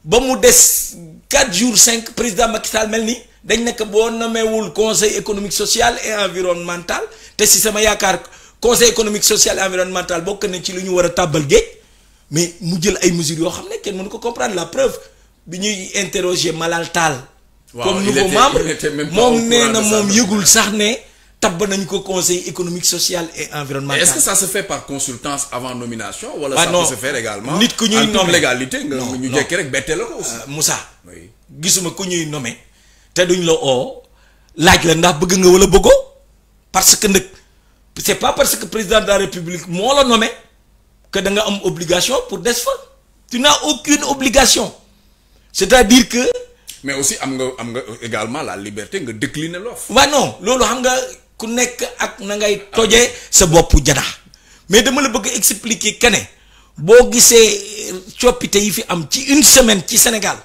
[SPEAKER 1] ba mu des 4 jours 5 président Macky Sall mel dañ a pas de conseil économique social et environnemental té si sama yakar conseil économique social et environnemental bokk na ci luñu wara tabal a mais mu jël ay mesures yo xamné ne kenn mënu ko comprendre la preuve bi ñuy interroger Malal Tal, comme nouveau membre moom nee na moom yëgul sax né tab nañ ko conseil économique social et environnemental. est-ce que ça se fait
[SPEAKER 2] par consultance avant nomination. wala bah ça peut se faire également nit ku ñuy nommé légalité nga ñu jékki rek
[SPEAKER 1] bété la ko aussi. Euh, Moussa gisuma ku ñuy nommé te duñ la oo laaj la ndax bëgg nga wala bëggoo parce que nag c'est pas parce que président de la république moo la nommé que da nga am obligation pour des fa tu n'as aucune obligation c'est-à-dire que. mais aussi am nga am nga également la liberté nga décliner l'offre. waaw non loolu xam nga ku nekk ak na ngay tojee sa bopp janaa mais dama la bëgg expliquer que ne boo gisee coppite yi fi am ci une semaine ci Sénégal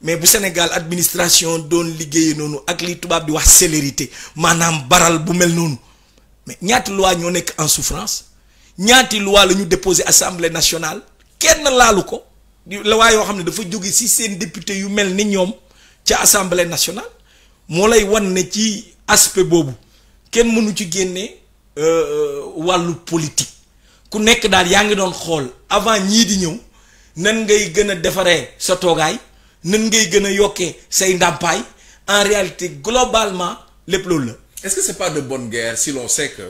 [SPEAKER 1] mais bu Sénégal administration doon liggéey noonu ak li tubaab di wax célérité Manam baral bu mel noonu mais ñaati loi n'y nekk en souffrance ñaati loi la ñu déposé assemblée nationale kenn laalu ko loi yoo xam ne dafa jóge ci un député yu mel ni assemblée nationale moo lay wan ci aspect boobu kenn mënu ci génne euh, euh, Walu politique ku que daal yaa ngi doon avant ñii di ñëw nan ngay gën sa nous ngay gën a yokkee say en réalité globalement le plus la. est-ce que c'est pas de bonne guerre si l'on sait que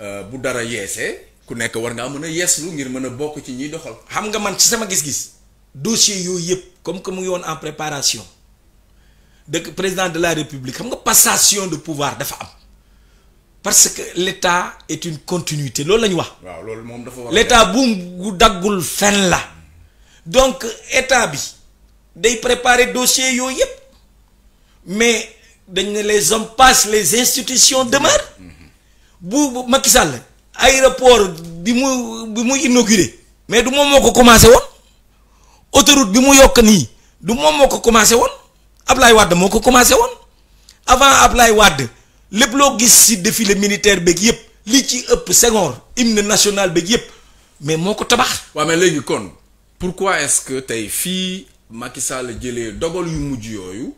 [SPEAKER 1] euh, Boudara yeesee ku des war qui mën a yeeslu ngir mën a bokk ci ñiy doxal. xam nga man ci sama gis-gis dossier yooyu comme que mu ngi en préparation le président de la république a une passation de pouvoir dafa parce que l'État est une continuité C'est ce que wax.
[SPEAKER 2] waaw dafa l'État
[SPEAKER 1] bu daggul fen la donc état day préparer dossier yooyu yëpp mais dañ les hommes passent les institutions demeurent bu bu Macky Sall aéroport bi mu bi mu mais du moom moo commencé won autoroute bi mu yok ni du moom moo commencé won Ablaye Wade moko commencé won avant Ablaye Wade lepp lo gis ci défilé militaire beeg yep li ci ëpp Senghor hymne national beeg yep mais moko tabax. wa mais légui kon pourquoi est-ce que tey fi
[SPEAKER 2] Macky Sall jëlee dogal yu mujj yoyu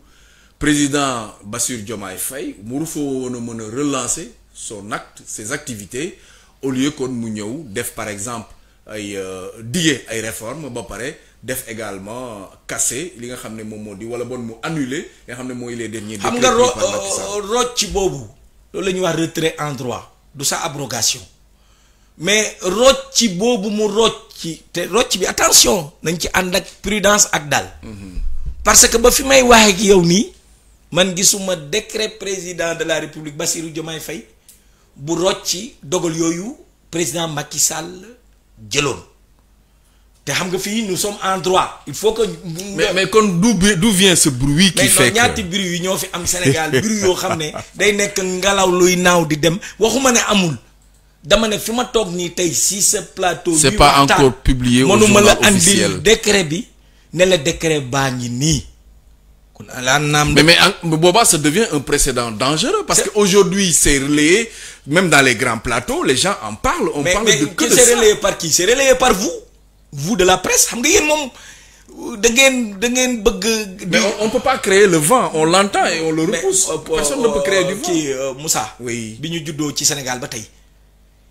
[SPEAKER 2] président Bassir Diomaye Faye mu rufoo relancer son acte ses activités au lieu kon mu ñëw def par exemple ay euh, dige ay réformes ba paré def également casser li nga xamné mom modi wala bon mu annuler nga xamné moy les derniers. décrets xam nga ro
[SPEAKER 1] bobu boobu. loolu wax retrait en droit du sa abrogation mais rocci bobu mu rocci te rocci bi attention nañ ci andak prudence ak dal parce que ba fi may waxee ak yow ni man gisuma décret président de la république Bassirou Diomaye fay bu rocci dogal yoyu président Macky Sall te xam nga fi nous sommes en droit il faut que. mais mais kon d'où d'où vient ce bruit. qui fait que ñaati bruit ñofi am Sénégal bruit yo xamné ne day nek ngalaw luy naw di dem waxuma ne amul dama ne ce plateau. c'est pas encore publié au journal officiel décret bi ne la décret mais mais boba ça devient un précédent
[SPEAKER 2] dangereux. parce qu'aujourd'hui c'est relayé même dans les grands plateaux les gens en parlent. on mais, parle
[SPEAKER 1] c'est relayé par qui c'est relayé par vous. vous de la presse on ne on peut pas créer le vent on l'entend et on le repousse. Euh, personne ne peut créer euh, du vent euh, Moussa. oui bi judo Sénégal ba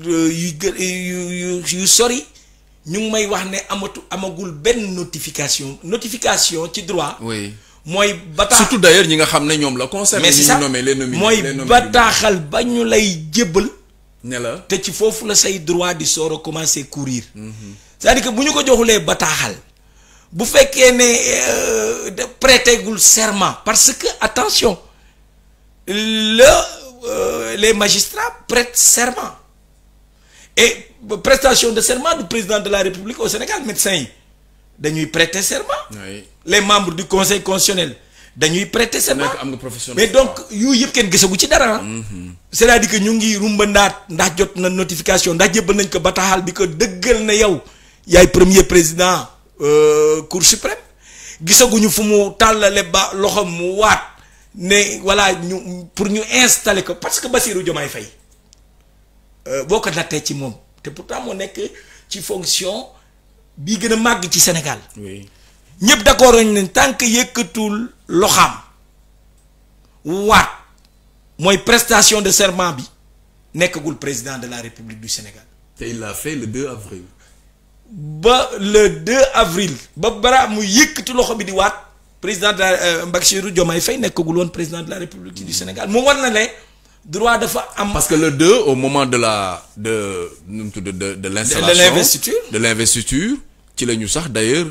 [SPEAKER 1] Euh, yu yu yu sori ñu ngi may wax ne amatu amagul benn notification notification ci droit. oui mooy bata surtout d'ailleurs ñi nga xam ne ñoom la concerne. ñu nommé les nominés mooy bata ba ñu lay jébbal. ne la te ci foofu la say droit di soro a commencer courir. Mhm. c'est-à-dire que bu ñu ko joxulee bataaxal. bu fekkee ne euh, prêter gul serment parce que attention le euh, les magistrats prêtent serment et prestation de serment du président de la République au Sénégal médecin yi dañuy prêter serment. les membres du conseil constitutionnel dañuy prêter serment. mais donc yu yëpp kenn gisagu ci dara ah. mhm. c'est-à-dire que nous avons rumba ndax na notification ndax avons nañ ko bataaxal bi ko dëggal na yow la premier président euh, cour suprême gisaguñu fu mu tàllale ba loxom mu waat ne voilà pour ñu installer parce que Bassirou Diomaye Faye euh, boo ko tay ci mom te pourtant mo nek ci fonction bi gëna mag ci Sénégal. oui ñëpp d' accord tant que yëkkatul loxaam waat mooy prestation de serment bi nekkagul président de la République du Sénégal. te il l'a fait le 2 avril. ba le 2 avril. ba bara mu yëkkati loxo bi di wat président de la euh, Bassirou Diomaye Faye nekkagul won président de la République du Sénégal mo war na droit parce
[SPEAKER 2] que le 2 au moment de la de nu mu de de de l'investiture, la nous d'ailleurs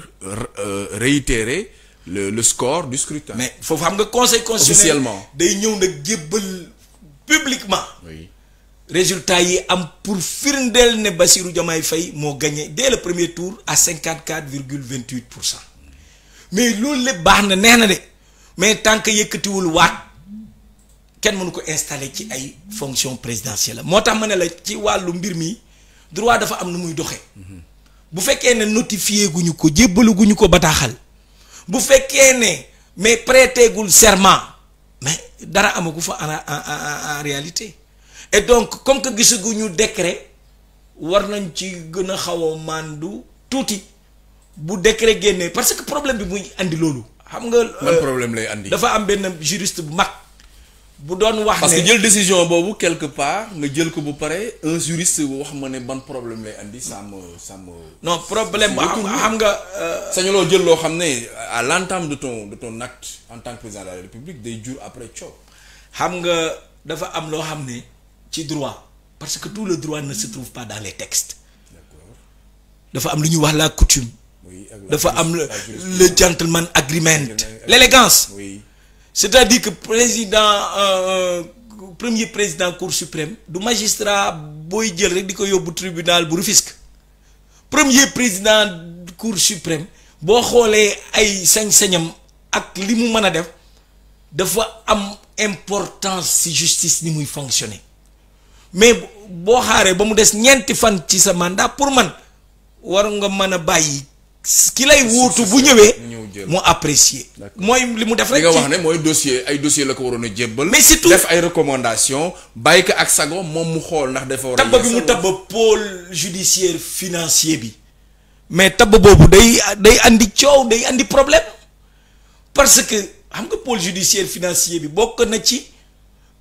[SPEAKER 2] euh,
[SPEAKER 1] le score du scrutin. mais faut faire un conseil constitutionnel Des ñëw de publiquement oui résultat yi am pour Firndel ne Bassirou Faye gagné dès le premier tour à 54,28% mais tant que baax na neex mais tant que yëkkatiwul waat kenn mënu ko installé ci ay fonction présidentielle moo tax ma ne la ci wàllu mbir mi droit dafa am nu muy doxee mhm. bu fekkee ne notifié guñu ko jébbalu guñu ko bataaxal bu fekkee ne mais prêté gul serment mais dara amagu fa en réalité et donc comme que gisaguñu décret war nañ ci gën a xaw a bu décret génnee parce que problème bi muy andi loolu. xam nga. Euh, problème lay andi. dafa am benn juriste bu bu doon wax ne parce que jël
[SPEAKER 2] décision quelque part nga jël ko bu pare un juriste wax ma ne ban problème lay andi ça me ça me non problème xam nga. Euh, sañu loo jël loo xam à l'entame de ton de ton acte en tant que président de la république des jours après coow. xam nga dafa
[SPEAKER 1] am loo xam ne ci droit parce que tout le droit ne se trouve pas dans les textes. d'accord dafa am lu ñuy wax la coutume. dafa am le gentleman agreement l'élégance c'est-à-dire que président euh, euh, premier président cour suprême du magistrat booy jël rek tribunal bu premier président cour suprême boo xoolee ay sañ-sañam ak li mu mën def am importance si justice ni muy fonctionner mais bo xaaree ba mu des ñeenti fan ci sa mandat pour man war nga mën ki lay bu moi apprécié. moi li mu def rek. li
[SPEAKER 2] nga dossier ay dossier le corona waroon mais c'est def ay recommandations bàyyi ko ak sago moom mu xool ndax dafa war a. bi
[SPEAKER 1] pôle judiciaire financier bi. mais tabb bobo day day andi coow day andi problème parce que xam nga pôle judiciaire financier bi bokk na ci.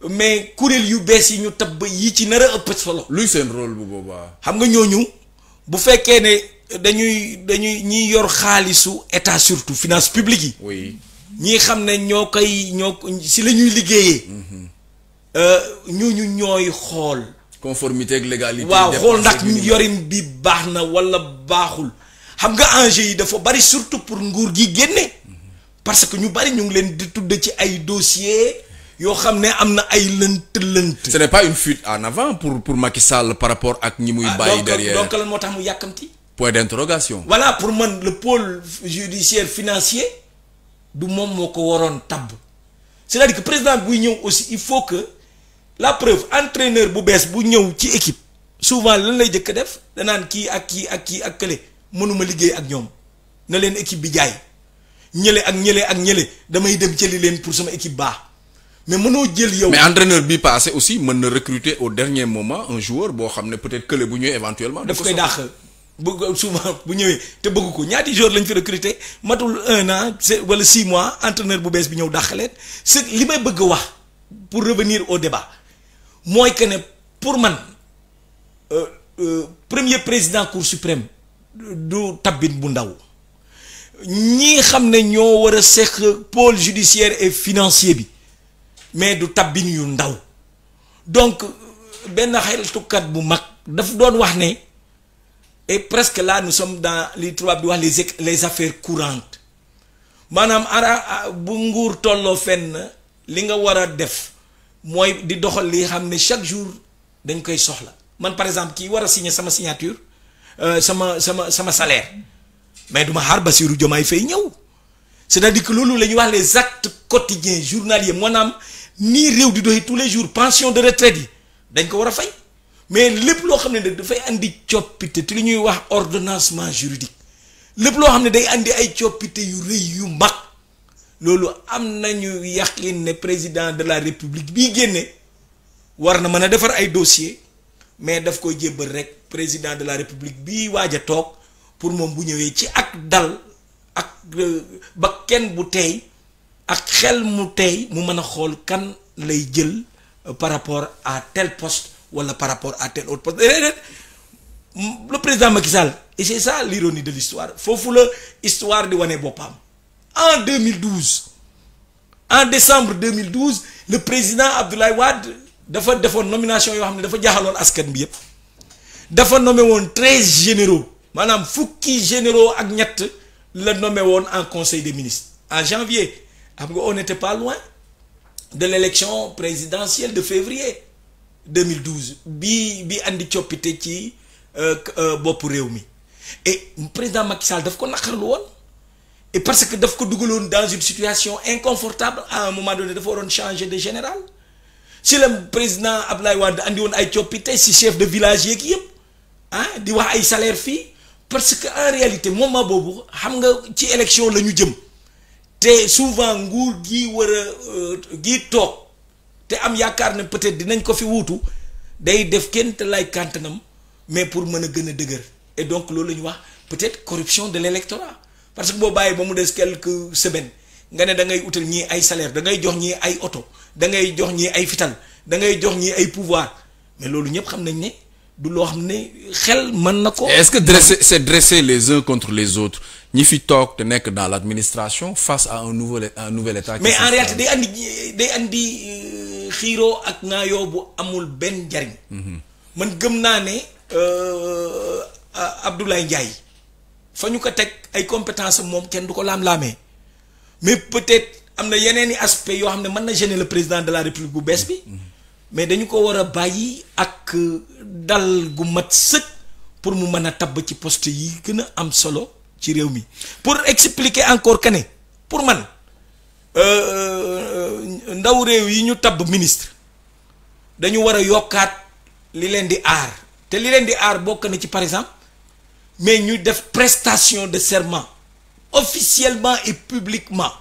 [SPEAKER 1] mais kuréel yu bees yi ñu tabb yi ci nara a ëpp solo. luy seen rôle bu boobaa. xam nga ñoñu bu fekke ne dañuy dañuy ñi yor xaalisu état surtout finance publique yi. oui ñi xamné ne ñoo koy ñoo si la ñuy liggéeyee. Mhm. Euh, ñooñu ñooy xool. conformité ak légalité. xol nak ndax yorin bi baxna wala baxul xam nga enjeu yi dafa bari surtout pour nguur gi génné mhm. parce que ñu bari ñu ngi leen di tudd ci ay dossier yo xamné amna ay lënt
[SPEAKER 2] lënt. ce n'est pas une fuite en avant pour pour Macky Sall par rapport ak ñi muy. Ah, bàyyi derrière donc lan
[SPEAKER 1] moo tax mu yàkkamti
[SPEAKER 2] point d'interrogation
[SPEAKER 1] voilà pour moi le pôle judiciaire financier du moom moo Tab. c'est-à-dire que président buy aussi il faut que la preuve entraîneur bu Bouignon bu ñëw ci équipe souvent lan lay qui, def danaan qui, ak kii ak kii ak kële mënuma liggéey ak ñoom na leen équipe bi jaay ñële ak ñële ak ñële damay dem jëli pour sama équipe Ba. mais mënoo jël yow. mais entraîneur bi passé
[SPEAKER 2] aussi mën recruter au dernier moment un joueur bon, peut-être que le ñëw éventuellement. Le koy
[SPEAKER 1] souvent bu ñëwé te bëgg ko ñaati jour lañ fi recruter matul 1 an wala six mois entraîneur bu bees bi ñëw daxalet c'est li may bëgg wax pour revenir au débat moy que ne pour man euh, euh, premier président cour suprême du tabbin bu ndaw ñi xamné ño wara war pôle judiciaire et financier bi mais du tabbin yu ndaw donc benn tukat bu mag daf doon wax né et presque là, nous sommes dans les, les, les affaires courantes. manam ara bu nguur tolloo fenn li nga wara def moy di doxal li xamné ne chaque jour dañ koy soxla man par exemple qui wara signer sama signature euh, sama sama sama salaire mais duma har Bassirou jomay fay ñew c'est-à-dire que lolu lañ wax les actes quotidiens journaliers maanaam ni rew di doxi tous les jours pension de retraite yi dañ ko wara fay mais lepp lo xam ne fay andi ciopité te li ñuy wax ordonnancement juridique lepp lo day andi ay ciopité yu reuy yu mak lolu am nañu yaqin ne président de la république bi génné war na mën a ay dossier mais daf koy jébbal rek président de la république bi waja tok pour mom bu ñëwé ci ak dal ak ba kenn bu tay ak xel mu tay mu mëna xol kan lay jël par rapport à tel poste ou par rapport à tel autre eh, eh, le président Macky Sall et c'est ça l'ironie de l'histoire Faut faut l'histoire de wane Bopam. en 2012 en décembre 2012 le président Abdoulaye a fait une nomination yoo xam dafa nom askan bi dafa généraux Madame fukki généraux ak la nommé en conseil des ministres en janvier on n'était pas loin de l'élection présidentielle de février 2012 bi bi andi coppite ci euh, euh, bopp réew Et et président Macky Sall daf ko le won et parce que daf ko dugaloon dans une situation inconfortable à un moment donné dafa waroon changer de général si le président Abdoulaye Wade andi won ay coppite si chef de village yeeg yëpp Il ah, di wax ay salaire fi parce que en réalité moment bobu xam nga ci élection lañu jëm té souvent nguur gi wara euh, gi te am yaakaar ne peut-être dinañ ko fi wuutu day def kent lay kàntanam mais pour meuna gëna gën et donc loolu lañ wax peut-être corruption de l'électorat parce que bo baye ba mu dess quelques semaines nga ne da ngay outal ñi ay salaire da ngay jox ñi ay auto da ngay jox ñi ay fital da ngay jox ñi ay pouvoir mais loolu ñep xam nañ ne du lo xam ne xel man nako est-ce que dresser c'est dresser
[SPEAKER 2] les uns contre les autres ñi fi tok te nek dans l'administration face à un nouvel un nouvel état. mais en réalité
[SPEAKER 1] day andi day andi. Euh, xiro ak ngayo bu amul benn njariñ mhm. man gëm naa ne euh, Abdoulaye Ndiaye fa ñu ko tek ay compétences mom kenn duko lam lamé mais peut-être amna yeneeni aspect yo xamné man na gêner le président de la république bu bes bi mhm. mais dañu ko wara bayyi ak dal gu mat seuk pour mu meuna tab ci poste yi gëna am solo ci réew mi pour expliquer encore kané pour man euh, ndaw réew yi ñu tab ministre dañu war a yokkaat li leen di aar te li leen di aar bokk na ci par exemple mais ñu def prestation de serment officiellement et publiquement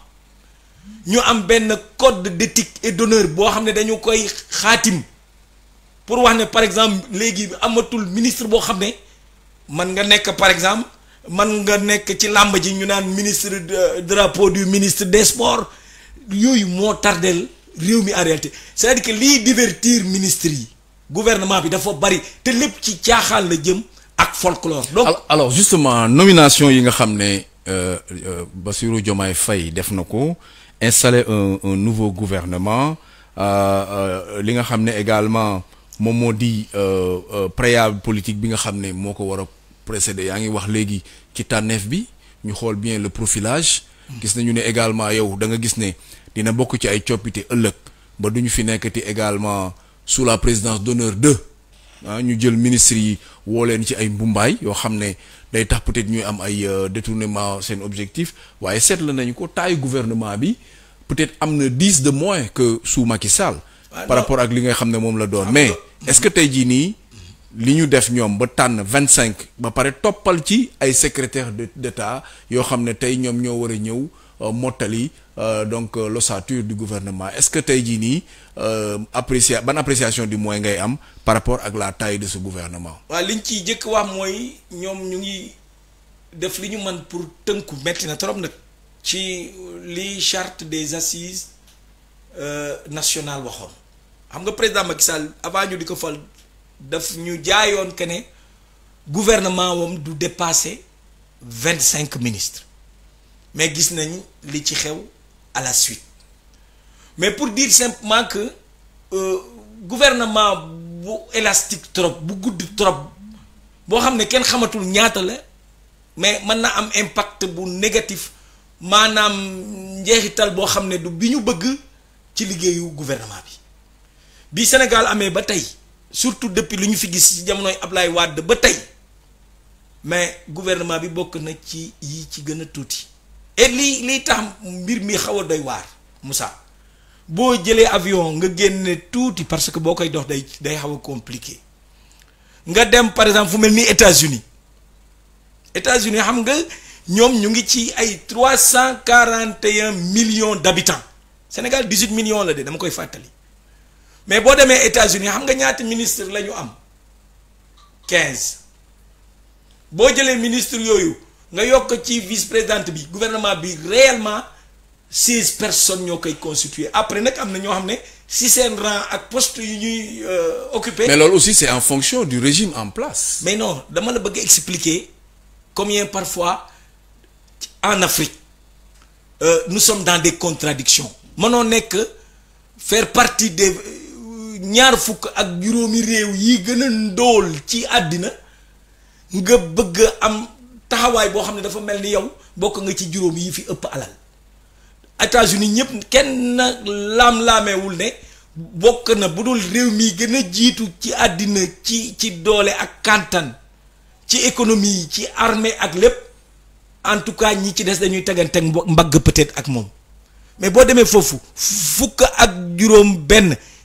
[SPEAKER 1] ñu am benn code d'éthique et d'honneur boo xam ne dañu koy xaatim pour wax ne par exemple léegi amatul ministre boo xam ne man nga nekk par exemple man nga nekk ci làmb ji ñu naan ministre drapeau du ministre des sports yooyu moo tardel réew mi en réalité c'est-à-dire que liy divertir ministre yi gouvernement bi dafa bari te lépp ci caaxaan la jëm ak folklore. donc
[SPEAKER 2] alors justement nomination yi nga xam ne euh, euh, Bassirou Diomaye Faye def na ko installer un un nouveau gouvernement euh, li nga xam ne également moom moo di préalable politique bi nga xam ne moo ko war a précéder yaa ngi wax léegi ci tànneef bi ñu xool bien le profilage gis nañu né également yow da nga gis né dina bokku ci ay coppite ëllëg ba duñu fi nekkati également sous la présidence d'honneur de ah, ñu jël ministre yi woo leen ci ay mbumbaay yo xamné day tax peut-être ñuy am ay euh, détournement seen objectif waye waaye la nañ ko taayu gouvernement bi peut-être am na dix de moins que sous Macky Sall ah, par rapport ak li nga xamné mom la doon mais est-ce que tay jii ni li ñu def ñoom ba tànn vingt cinq ba pare toppal ci ay secrétaire d'État yoo xam ne tey ñoom ñoo war a ñëw euh, mottali euh, donc euh, l'ossature du gouvernement est-ce que tey jii nii apprécia ban appréciation du mooy ngay am par rapport ak la taille de ce gouvernement.
[SPEAKER 1] li ñu ciy jëkk wax mooy ñoom ñu ngi def li ñu man pour tënku metti na trop nag ci li charte des assises nationales waxoon xam nga président Macky Sall avant ñu di ko fal. daf ñu jaayoon que ne gouvernement moom du dépasser vingt cinq ministre mais gis nañ li ci xew à la suite mais pour dire simplement que euh, gouvernement bu élastique trop bu gudd trop boo xam ne kenn xamatul ñaata la mais mën na am impact bu négatif maanaam njeexital boo xam ne du bi ñu bëgg ci liggéeyu gouvernement bi bi Sénégal amee ba tey surtout depuis lu ñu fi gis ci jamonoy Ablaye Wade de tey mais gouvernement bi bokk na ci yi ci gëna touti et li li tax mbir mi xaw doy war Moussa bo jëlé avion nga génne touti parce que bokay dox day day xaw compliqué nga dem par exemple fu melni États-Unis États-Unis xam nga ñom ñu ngi ci ay 341 millions d'habitants Sénégal 18 millions la de dama koy fatali mais boo les États-Unis xam nga ñaati ministre là. Si am quinze bo jëlé ministre yoyu nga ci vice présidente bi gouvernement bi réellement 6 personnes qui sont constituer après nak amna ño xamné si rang ak poste yu ñuy euh, mais là aussi
[SPEAKER 2] c'est en fonction du régime en
[SPEAKER 1] place. mais non dama la bëgg expliquer combien parfois en Afrique euh, nous sommes dans des contradictions n'ai que faire partie des. ñaar fukk ak juróomi réew yi gën a ndóol ci àddina nga bëgg am taxawaay boo xam ne dafa mel ni yow bokk nga ci juróom yi fi ëpp alal États-Unis ñëpp kenn laam-laameewul ne bokk na bu dul réew mi gën a jiitu ci àddina ci ci doole ak kantan ci économie ci armée ak lépp en tout cas ñi ci des dañuy tegante mbagg peut-être ak moom mais boo demee foofu fukk ak juróom benn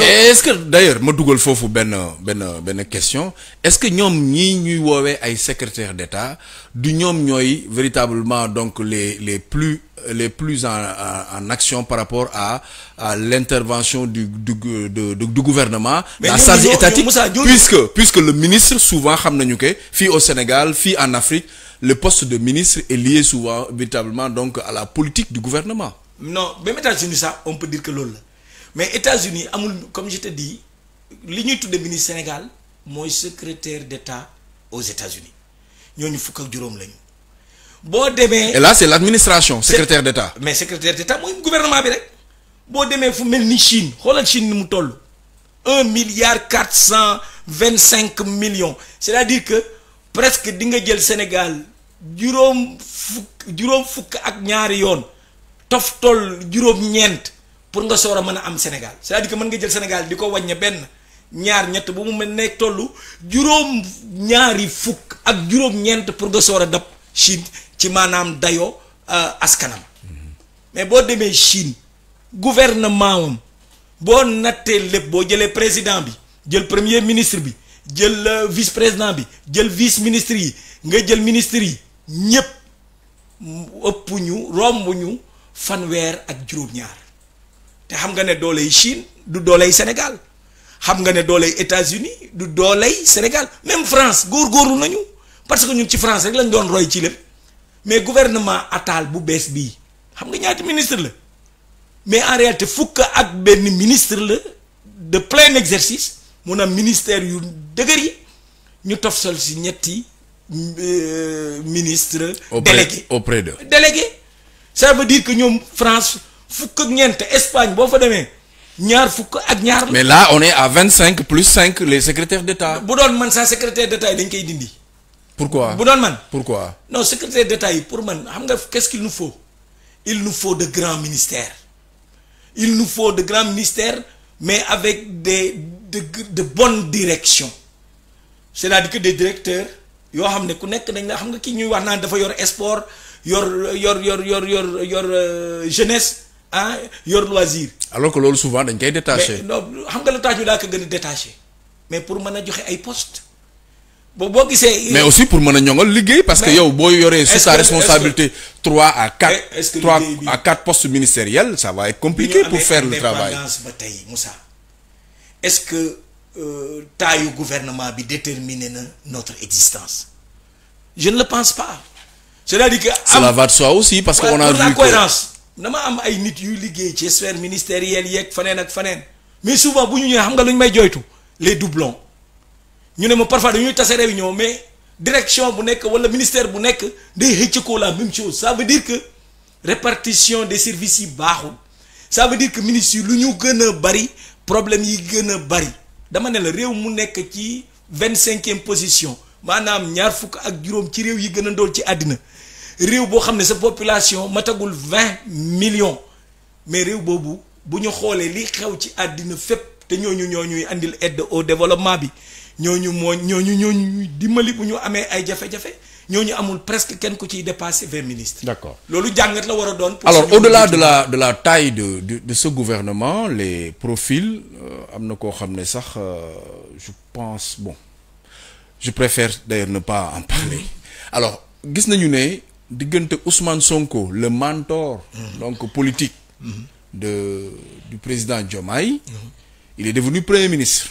[SPEAKER 2] est-ce que d'ailleurs ma dougal fofu ben ben une question est-ce que ñom ñi ñuy wowe ay secrétaire d'État du ñom ñoy véritablement donc les les plus les plus en en action par rapport à à l'intervention du du du du gouvernement. la étatique puisque puisque le ministre souvent xam nañu que fi au Sénégal fi en Afrique le poste de ministre est lié souvent véritablement donc à la politique du gouvernement.
[SPEAKER 1] non mais ça on peut dire que lol mais États-Unis comme je te dis l'unité ñuy ministre Sénégal mon secrétaire d'État aux États-Unis ñooñu fukk fait juróom lañu boo et là c'est
[SPEAKER 2] l'administration secrétaire d'État.
[SPEAKER 1] mais secrétaire d'État le gouvernement bi rek boo demee fu ni Chine xoolal Chine mu toll un milliard quatre millions c'est-à-dire que presque di nga jël Sénégal juróom fuk, juróom fuk ak ñaari yoon toftol, toll pour nga soor a mën a am Sénégal cest à mën nga jël Sénégal di ko wàññi benn ñaar ñett bu mu nekk tollu juróom ñaari fukk ak juróom-ñeent pour nga soor a dab Chine ci maanaam dayoo euh, askanam mais boo demee Chine gouvernement am boo nattee lépp boo jëlee président bi jël premier ministre bi jël euh, vice président bi jël vice ministre yi nga jël ministre yi ñépp ëpp ñu romb ñu fanweer ak juróom-ñaar. te xam nga ne dooley Chine du dooley Sénégal xam nga ne dooley États-Unis du dooley Sénégal même France góor góorgóorlu nañu parce que ñu ci France rek lañ doon roy ci lépp mais gouvernement Attal bu bees bii xam nga ñaati ministre la mais en réalité fukk ak benn ministre la de plein exercice mun am ministère yu dëgër yi ñu tofsal si ñetti euh, ministre délégué auprès de délégué ça veut dire que ñoom France Il Espagne boo fa mais là on est
[SPEAKER 2] à 25 plus 5, les secrétaires d'État.
[SPEAKER 1] secrétaire d'État
[SPEAKER 2] pourquoi pourquoi
[SPEAKER 1] non secrétaire d'État pour man qu'est-ce qu'il nous faut il nous faut de grands ministères il nous faut de grands ministères mais avec des de bonnes directions c'est-à-dire que des directeurs ils ont ne ku nekk la xam nga ñuy jeunesse ah yor loisir.
[SPEAKER 2] alors que lolu souvent dañ koy détaché.
[SPEAKER 1] non xam nga lu tax la daa ko gën a détaché mais pour mën joxé ay poste bo bo gisé mais aussi
[SPEAKER 2] pour mën ñongal ñoŋal liggéey. parce que yow boo yoré sous sa responsabilité trois à quatre. Eh, trois à quatre postes ministériels ça va être compliqué pour faire le travail
[SPEAKER 1] ba tey Moussa est-ce que euh, taille gouvernement bi déterminer na notre existence je ne le pense pas. c'est-à-dire que. cela va de
[SPEAKER 2] soi aussi parce que on a vu que cohérence
[SPEAKER 1] dama am ay nit yu liggéey ci sphère ministérielle yeeg fanen ak fanen mais souvent bu ñu ñëwee xam nga lu may joytu les doublons ñu ne mo parfois dañuy tassé réunion mais direction bu nekk wala ministère bu nekk day xëcc ko la même chose ça veut dire que répartition des services yi baaxul ça veut dire que ministre lu bari problème yi gën bari dama ne la réew mu nekk ci 25e position maanaam ñaar fukk ak juróom ci réew yi gën a ci àddina réew bo xamné sa population matagul 20 millions mais réew bobu buñu xolé li xew ci àddina fep té ñoñu ñoñuy andil aide au développement bi ñoñu mo ñoñu ñoñu dimbali buñu amé ay jafé jafé ñoñu amul presque kenn ku ci dépassé 20 ministres. d'accord lolu jangat la wara doon. alors au-delà de la
[SPEAKER 2] de la taille de de de ce gouvernement les profils euh, am na koo xam sax euh, je pense bon je préfère d'ailleurs ne pas en parler alors gis nañu né Gente Ousmane Sonko le mentor donc politique du président Diomaye il est devenu premier ministre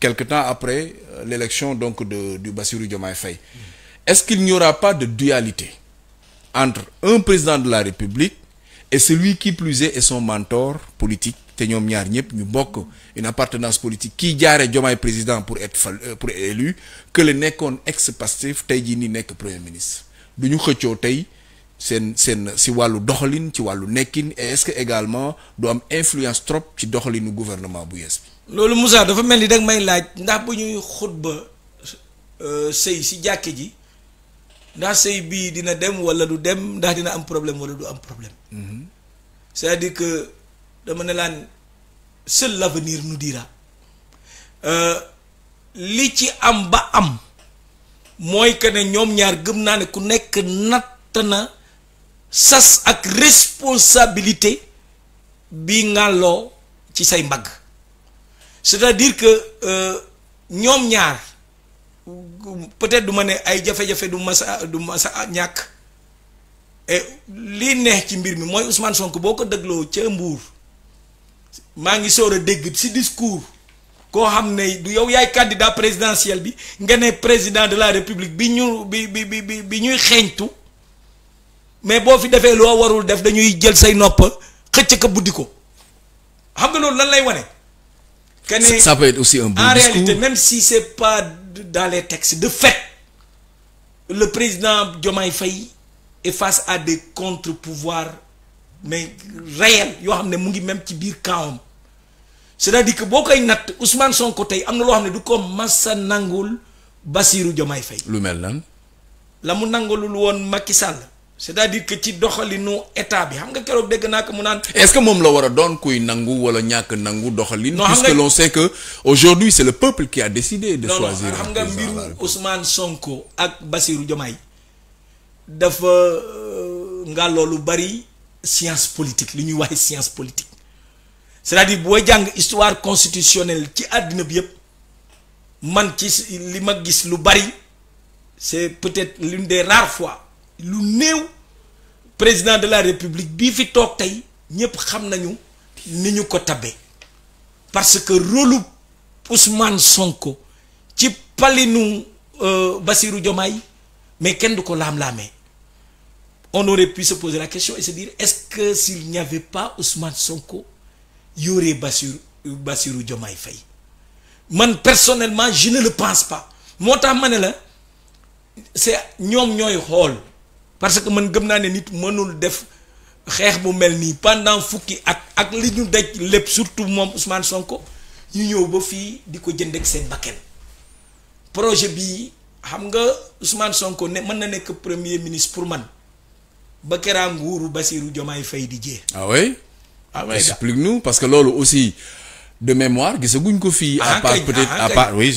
[SPEAKER 2] quelque temps après euh, l'élection de du Bassirou Diomaye Faye est-ce qu'il n'y aura pas de dualité entre un président de la République et celui qui plus est est son mentor politique Tenyom une appartenance politique qui dirait Diomaye président euh, pour être élu que le un ex pastif Tejini n'est premier ministre duñu xëccoo tey seen si wàllu doxalin ci wàllu nekkin et est-ce que également du am influence trop ci du gouvernement bu
[SPEAKER 1] loolu Moussa dafa si wala du dem ndax dina am problème du am problème. Mhm. c'est-à-dire que dama ne seul l'avenir nous dira euh, am. mooy que ne ñoom ñaar gëm naa ne ku nekk natt na sas ak responsabilité bi ngàlloo ci say mbagg c'est-à-dire que euh, ñoom ñaar peut-être du ma ne ay jafe-jafe du masa du masa ñàkk et lii neex ci mbir mi mooy Ousmane Sonko boo ko dégloo ca Mbour maa ngi soor a dégg ci discours Il y candidat présidentiel président de la république bi ñu mais que ça peut être aussi un bon en réalité même si c'est pas dans les textes de fait le président Diomaye Faye est face à des contre-pouvoirs mais réels Il y a mu ngi même ci biir c'est-à-dire que boo koy Ousmane Sonko tay amna lo xamne du ko massa nangul Bassirou jomay fay lu mel lan lamu mu nangulul woon Macky Sall c'est-à-dire que ci doxalinu état bi xam nga kéro deg naa ko mu nan est-ce
[SPEAKER 2] que mom la wara don kuy nangu wala ñak nangu doxalin puisque l'on sait que aujourd'hui c'est le peuple qui a décidé de choisir xam
[SPEAKER 1] nga mbiru Ousmane Sonko ak Basiru jomay dafa euh, nga loolu bari science politique li ñuy wax science politique c'est-à-dire histoire constitutionnelle qui a dit c'est peut-être l'une des rares fois que président de la république fi nous ko parce que rôle Ousmane Sonko ci palinu euh, mais du on aurait pu se poser la question et se dire est-ce que s'il n'y avait pas Ousmane Sonko Yuri Bassirou Bassirou Diomaye Faye man personnellement je ne le pense pas moo tax ma ne c'est ñom ñoy xool parce que man gëm naa ne nit mënul def xex bu melni pendant fukki ak ak li ñu daj lépp surtout mom Ousmane Sonko ñu ñëw ba fi diko jënd ak seen bakken projet bi xam nga Ousmane Sonko né mën na nek premier ministre pour man ba keraa Basirou Bassirou Diomaye Faye di jee
[SPEAKER 2] ah oui ah explique-nous parce que là aussi de mémoire qui ko fii à ah, part peut-être ah, à part oui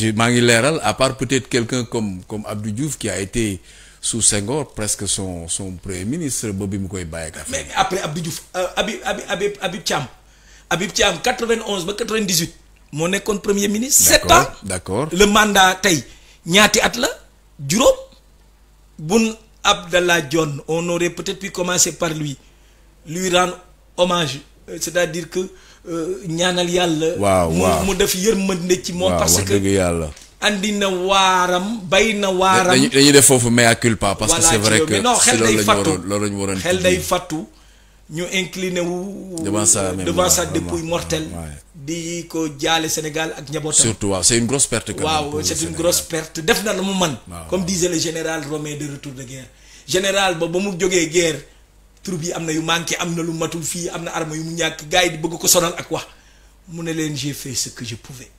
[SPEAKER 2] à part peut-être quelqu'un comme comme Abdou Diouf qui a été sous Senghor presque son son premier ministre Bobby Moukoué
[SPEAKER 1] mais après Abdou Diouf euh, Habib Habib Abib Habib 91 98 mon nekkoon premier ministre sept ans le mandat tay ñaati at la Boun Abdallah John, on aurait peut-être pu commencer par lui lui rendre hommage euh, c'est-à-dire que euh, ñaanal yalla waaw waaw mu def yërmande ci moom. parce que yàlla. andi na waram bay na waaram. dañuy def
[SPEAKER 2] foofu mea culpa parce que c'est vrai que xel day fattu loolu la ñu waroon xel day
[SPEAKER 1] fattu ñu incliné wu. devant sa devant sa dépouille mortelle. di ko jaale Sénégal ak njabootam. surtout
[SPEAKER 2] waaw c'est une grosse perte. waaw c'est
[SPEAKER 1] une grosse perte def na lu mu man comme disait le général Romain de retour de guerre général ba ba mu jógee guerre troupe yi am yu manqué amna lu matul fi amna arme yu mu ñak gaay di bëgg ko sonal ak wax mu ne j'ai fait ce que je pouvais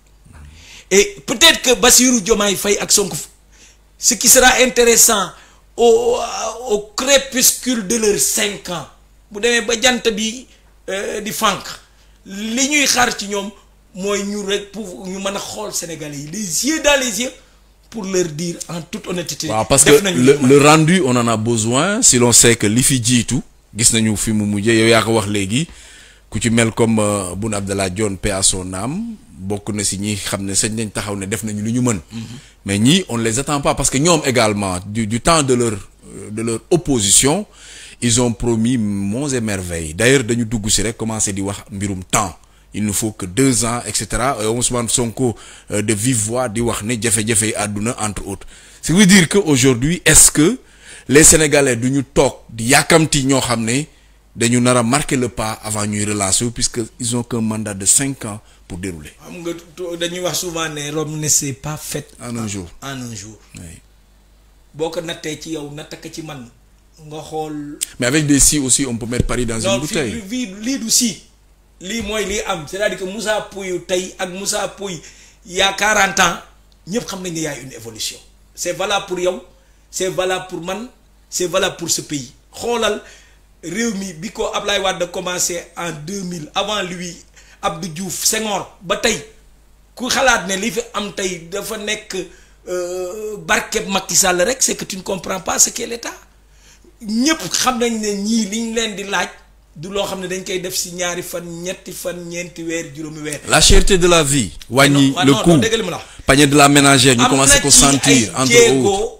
[SPEAKER 1] et peut-être que Bassirou Diomaye Fay ak Sonko ce qui sera intéressant au au crépuscule de leurs cinq ans bu démé ba jant bi euh, di fank li ñuy xaar ci ñom moy ñu rek pour ñu mëna xol Sénégalais les yeux dans les yeux pour leur dire en toute honnêteté. parce que le,
[SPEAKER 2] le rendu on en a besoin si l'on sait que l'IFIJI tout gis nañu fi mu mujjee yow ya ko wax léegi ku ci mel comme euh, bun Abdallah Dionne paix à son âme bokk na si ñi xam señ sañ nañ taxaw ne def nañu lu ñu mën. Mm-hmm. mais ñi on les attend pas parce que ñom également du du temps de leur euh, de leur opposition ils ont promis monts et merveilles d'ailleurs dañu dugg si rek commencé di wax mbirum temps. il nous faut que deux ans et euh, Ousmane Sonko de vive voix di wax né jafé jafé aduna entre autres C'est vouloir veut dire que aujourd'hui est-ce que les sénégalais du nous toog di Yakamti ñoo xam dañu nar le pas avant nous relancer puisqu'ils puisque ils ont qu'un mandat de 5 ans pour dérouler.
[SPEAKER 1] Nous avons souvent dit souvent Rome ne s'est pas faite. en un jour en un jour. boo ko nattee ci yow natt man
[SPEAKER 2] mais avec des si aussi on peut mettre Paris dans une bouteille. non
[SPEAKER 1] vide. lii du si. lii am c'est-à-dire que Moussa Pouye tey ak Moussa Pouye il y a 40 ans Nous xam nañ y a une évolution c'est valable pour yow c'est valable pour man c'est valable pour ce pays xoolal réew Biko bi ko Ablaye Wade commencé en 2000 avant lui Abdou Diouf Senghor ba tey ku ne li fi am tey dafa nekk euh, barkeb Macky Sall rek c'est que tu ne comprends pas ce qu'est l'État ñëpp xam ne ñii liñ len di laaj du loo xam ne dañ koy def si ñaari fan ñetti fan ñeenti weer juróomi weer. la cherté
[SPEAKER 2] de la vie. wàññi ah ah le coup. panier de la ménagère ñu commencé ko sentir entre
[SPEAKER 1] autres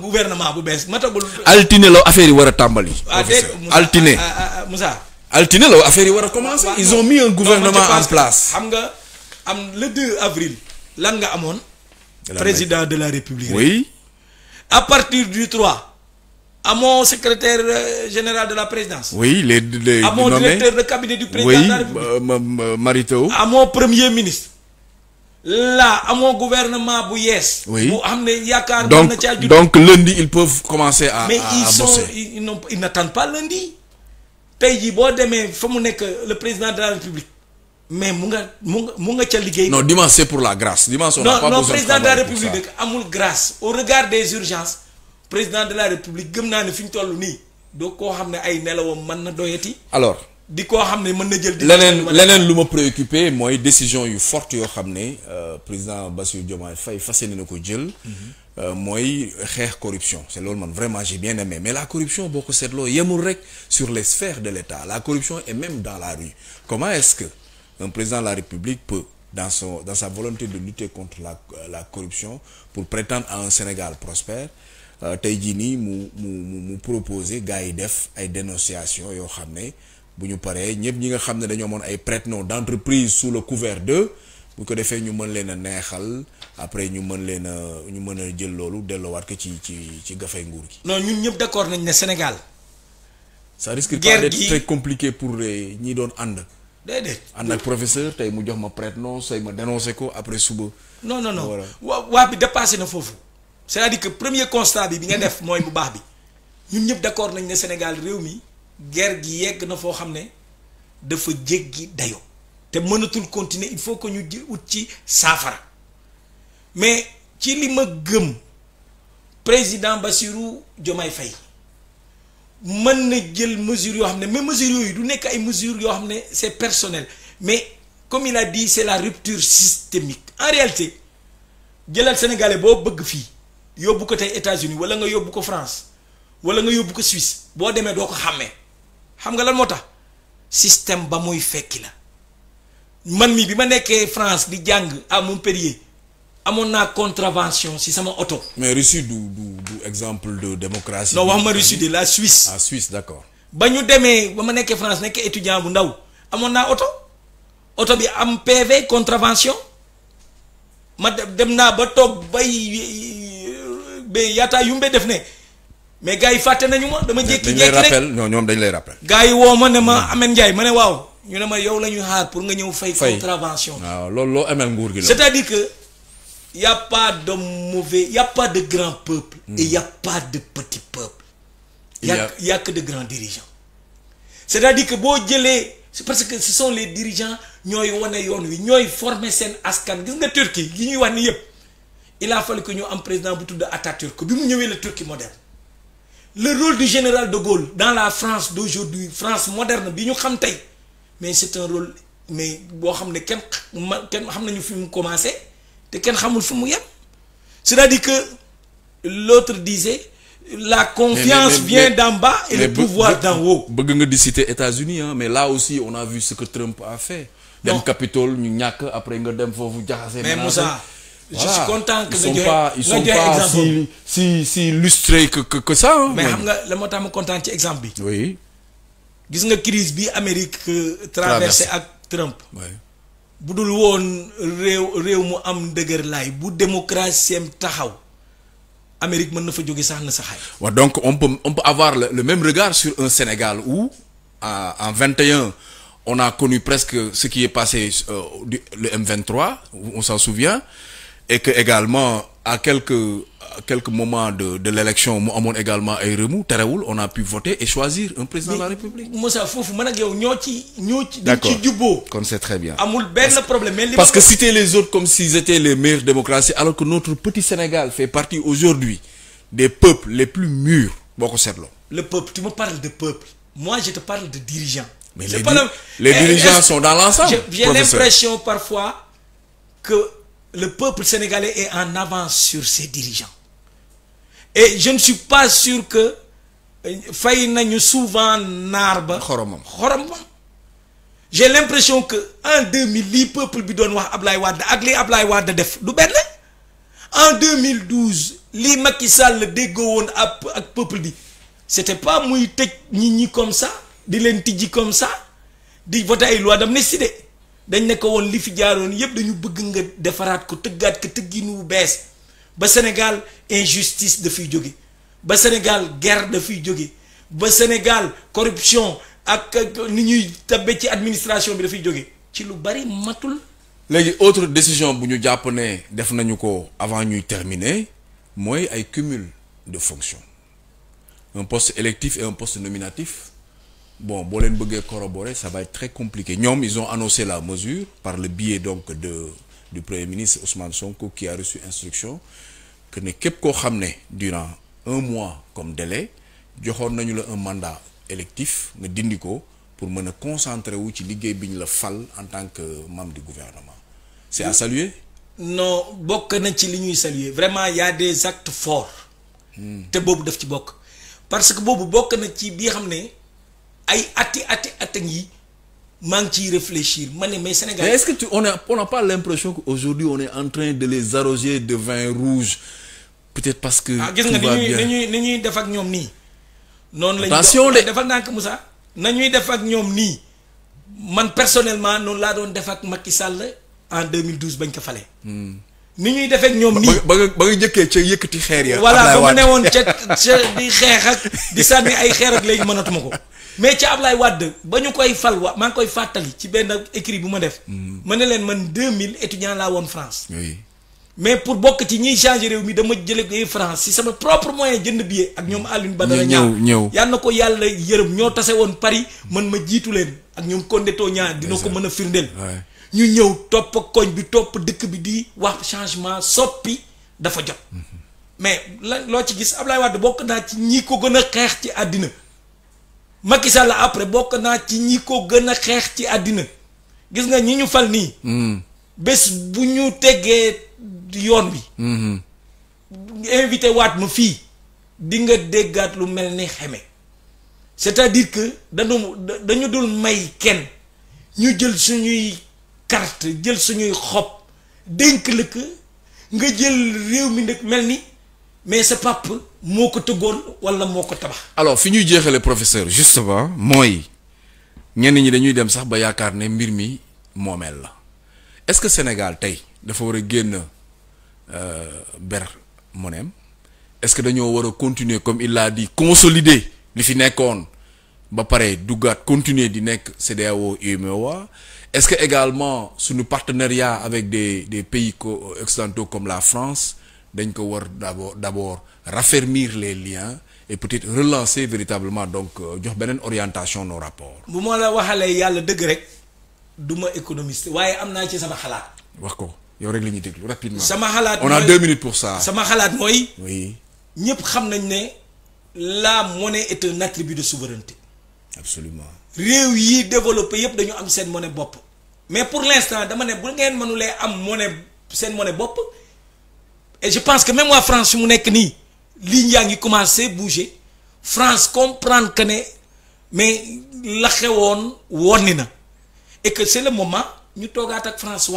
[SPEAKER 1] gouvernement
[SPEAKER 2] ils ont mis un gouvernement en place.
[SPEAKER 1] le 2 avril. Langa nga président de la république. oui. à partir du 3. mon secrétaire euh, général de la présidence.
[SPEAKER 2] oui les les. directeur de
[SPEAKER 1] cabinet du président
[SPEAKER 2] de euh, oui premier ministre
[SPEAKER 1] là à mon gouvernement bu oui bu donc donc
[SPEAKER 2] lundi ils peuvent commencer à. à mais ils sont
[SPEAKER 1] ils n'attendent pas lundi. tey bo boo le président de la république. mais mu nga mu nga mu nga non dimanche c'est
[SPEAKER 2] pour la grâce dimanche on pas non président de la république
[SPEAKER 1] amul grâce au regard des urgences président de la république il ne fiñ ñu ni do ko ay nelawam na doyati. alors di quoi, je ne mën na
[SPEAKER 2] jël. décision yu forte le président ne euh, président Bassirou Diomaye Faye fas yéene na ko Moi, mhm. euh, mooy corruption c'est l'homme vraiment j'ai bien aimé mais la corruption beaucoup boo ko Il est rek sur les sphères de l'État la corruption est même dans la rue comment est-ce que président de la République peut dans son dans sa volonté de lutter contre la euh, la corruption pour prétendre à un Sénégal prospère. Euh, proposer des yi def ay dénonciations buñu paré ñepp ñi nga xamné dañu dañoo ay prête d'entreprise sous le couvert de bu ko défé ñu mën leen a neexal après ñu mën leen ñu mën jël lolu délo delloowaat ko ci ci ci gafay nguur gi.
[SPEAKER 1] non ñun ñepp d'accord nañ né Sénégal. ça risque pas d'être très
[SPEAKER 2] compliqué pour ñi doon ànd. déedéet and ak professeur tay mu jox ma prête-nom say ma dénoncé ko après suba.
[SPEAKER 1] non non non wa waa bi dépassé na fofu c'est-à-dire que premier constat bi bi nga def moy bu baax bi ñun ñepp d'accord nañ né Sénégal réew mi guerre gi yegg na foo xam ne dafa jéggi dayo te mënatul continuer il faut que ñu ut ci saafara mais ci li ma gëm président Bassirou Diomaye fay mën na jël mesure yoo xam ne mais mesure yooyu du nekk ay mesure yoo xam ne c'est personnel mais comme il a dit c'est la rupture systémique en réalité jëlal sénégalais boo bëgg fii yóbbu ko tey États-Unis wala nga yóbbu ko France wala nga yóbbu ko Suisse boo demee doo ko xàmmee xam nga lan moo tax système ba muy fekki la man mi bi ma nekkee France di jàng à Montpellier amoon naa contravention si sama auto. mais Russie du du du exemple de démocratie. non wax ma Russie de la Suisse. ah Suisse d'accord. ba ñu demee ba ma nekkee France nekkee étudiant bu ndaw amoon naa auto oto bi am PV contravention ma dem naa ba toog bay ba yaataa yumbe def ne mais gars yi fàtte nañu ma dama jékki-jékki rek rappel
[SPEAKER 2] ñoom dañ lay rappel
[SPEAKER 1] gars yi woo ma ne ma mm. Ameth Ndiaye ma ne waaw ñu ne ma yow la ñuy xaar pour nga ñëw fay contravention
[SPEAKER 2] waaw loolu loo amel nguur gi la
[SPEAKER 1] c'est-à-dire que il y a pas de mauvais il y a pas de grand peuple mm. et il y a pas de petit peuple y a y a que de grands dirigeants c'est-à-dire que boo jëlee c'est parce que ce sont les dirigeants ñooy wane yoon wi ñooy former seen askan gis nga Turquie yi ñuy wax ni il a fallu que ñu am président bu tudd Atatürk bi mu ñëwé la Turquie moderne le rôle du général de Gaulle dans la France d'aujourd'hui France moderne bi ñu xam mais c'est un rôle mais bon xam ne kenn commencé xamul c'est-à-dire que l'autre disait la confiance vient d'en bas et le pouvoir d'en
[SPEAKER 2] haut bëgg nga di les États-Unis hein mais là aussi on a vu ce que Trump a fait le Capitole ñu que, après nga dem foofu jaxase mais Moussa
[SPEAKER 1] je suis content que ils ne soient pas, ils sont pas
[SPEAKER 2] si, illustrés que, ça. Hein. mais je
[SPEAKER 1] suis content que content, soit un ci exemple bi. oui. gis nga crise bi a euh, traversée avec Trump. oui bu dul woon réew réew mu am Si la démocratie am taxaw Amérique mën na fa jóge sax na se
[SPEAKER 2] donc on peut on peut avoir le, même regard sur un Sénégal où en en 21. on a connu presque ce qui est passé euh, le M23, on s'en souvient et que également à quelques quelques moments de de l'élection on également ay remou on a pu voter et choisir un président de
[SPEAKER 1] la république. Moi, yow ci. c'est très bien. problème parce que
[SPEAKER 2] citer les autres comme s'ils étaient les meilleures démocraties alors que notre petit Sénégal fait partie aujourd'hui des peuples les plus mûrs
[SPEAKER 1] le peuple tu me parles de peuple moi je te parle de dirigeants. mais les, eh, dirigeants eh, sont dans l'ensemble. j'ai l'impression parfois que le peuple sénégalais est en avance sur ses dirigeants. Et je ne suis pas sûr que euh, fay souvent narbe. j'ai l'impression que en 2000 les peuple bi wax Ablaye ak de def en 2012 les Macky le la à ak peuple bi c'était pas muy ça, comme ça comme ça voter dañ ne ko won li fi jaaroon yépp dañu bëgg nga defaraat ko tëggaat ko tëgginu bu bees ba Sénégal injustice dafay jóge ba Sénégal guerre dafay jóge ba Sénégal corruption ak ni ñuy tabbe ci administration bi dafay jóge ci lu bari matul. léegi autre
[SPEAKER 2] décision bu ñu jàpp ne def nañu ko avant ñuy terminer mooy ay cumul de fonction un poste électif et un poste nominatif bon si vous voulez corroborer ça va être très compliqué ils ont annoncé la mesure par le biais donc de du premier ministre Ousmane Sonko qui a reçu instruction que ne képp durant un mois comme délai joxoon nañu un mandat électif pour me concentrer wu fal en tant que membre du gouvernement c'est à saluer
[SPEAKER 1] non bokk ne saluer vraiment il y a des actes forts de hmm. de ci parce que si bokk na ci ay ati ati ati yi réfléchir mané mais Sénégal. mais est-ce que
[SPEAKER 2] tu on a on n'a pas l'impression qu'aujourd'hui on est en train de les arroser de vin rouge peut-être parce que. ah gis nga ni
[SPEAKER 1] ñuy ni def ak ñoom nii. attention Moussa. na def ak ñom ni man personnellement non la doon def ak Macky Sall en 2012 bañ ko falee. Hmm. ni ñuy defeek ñoom nii ba nga ba nga jëkkee ca yëkkati xeer ya voilà ba mu ne woon ca ca di xeex ak di sànni ay xeer ak léegi mënatuma ko mais ca Ablaye Wade ba ñu koy fal wa maa ngi koy fàttali ci benn écrit bu ma def hmm. ma ne leen man 2000 étudiants laa woon France oui. mais pour bokk ci ñiy changer réew mi dama jële ay France si sama propre moyen jënd billet ak ñoom Alioune Badara ñaaw ñëw yal na ko yàlla yërëm ñoo tase woon Paris man ma jiitu leen ak ñoom Condéto ñaar dina ko mën a firndeel ñu ñëw topp koñ bi topp dëkk bi di wax changement soppi dafa jot mhm. mais la loo ci gis Ablaye Wade bokk naa ci ñi ko gën a xeex ci àddina Macky Sall après bokk naa ci ñi ko gën a xeex ci àddina gis nga ñi ñu fal nii mm. bés bu ñu tegee Mm-hmm. invité di nga lu c'est-à-dire que dañu dañu dul may kenn ñu jël suñuy carte jël suñuy xob dénk nga jël mais sa pas moo ko tëggoon walla moo tabax.
[SPEAKER 2] alors fi ñuy professeur justement mooy ñenn ñi dañuy dem sax ba yaakaar mbir mi est-ce que Sénégal tey euh, ber est-ce que nous allons continuer comme il l'a dit consolider li fi nekkone ba paré dougat continuer di nek CEDEAO UEMOA est-ce que également nos partenariats avec des pays occidentaux comme la France nous ko d'abord raffermir les liens et peut-être relancer véritablement donc euh, jox benen orientation nos rapports.
[SPEAKER 1] bu la rek économiste waye amna ci sama
[SPEAKER 2] wax yow rek une ñuy rapidement. on a deux minutes pour ça. sama xalaat mooy. oui.
[SPEAKER 1] ñëpp xam nañ la monnaie est un attribut de souveraineté. absolument réew yi développé yëpp dañu am monnaie bop mais pour l'instant instant dama ne bu ngeen monnaie seen monnaie bop et je pense que même moi, France su mu nekk nii ligne yaa ngi commencé bouger France comprendre que ne mais la xewoon woon et que c'est le moment nous toogaat ak France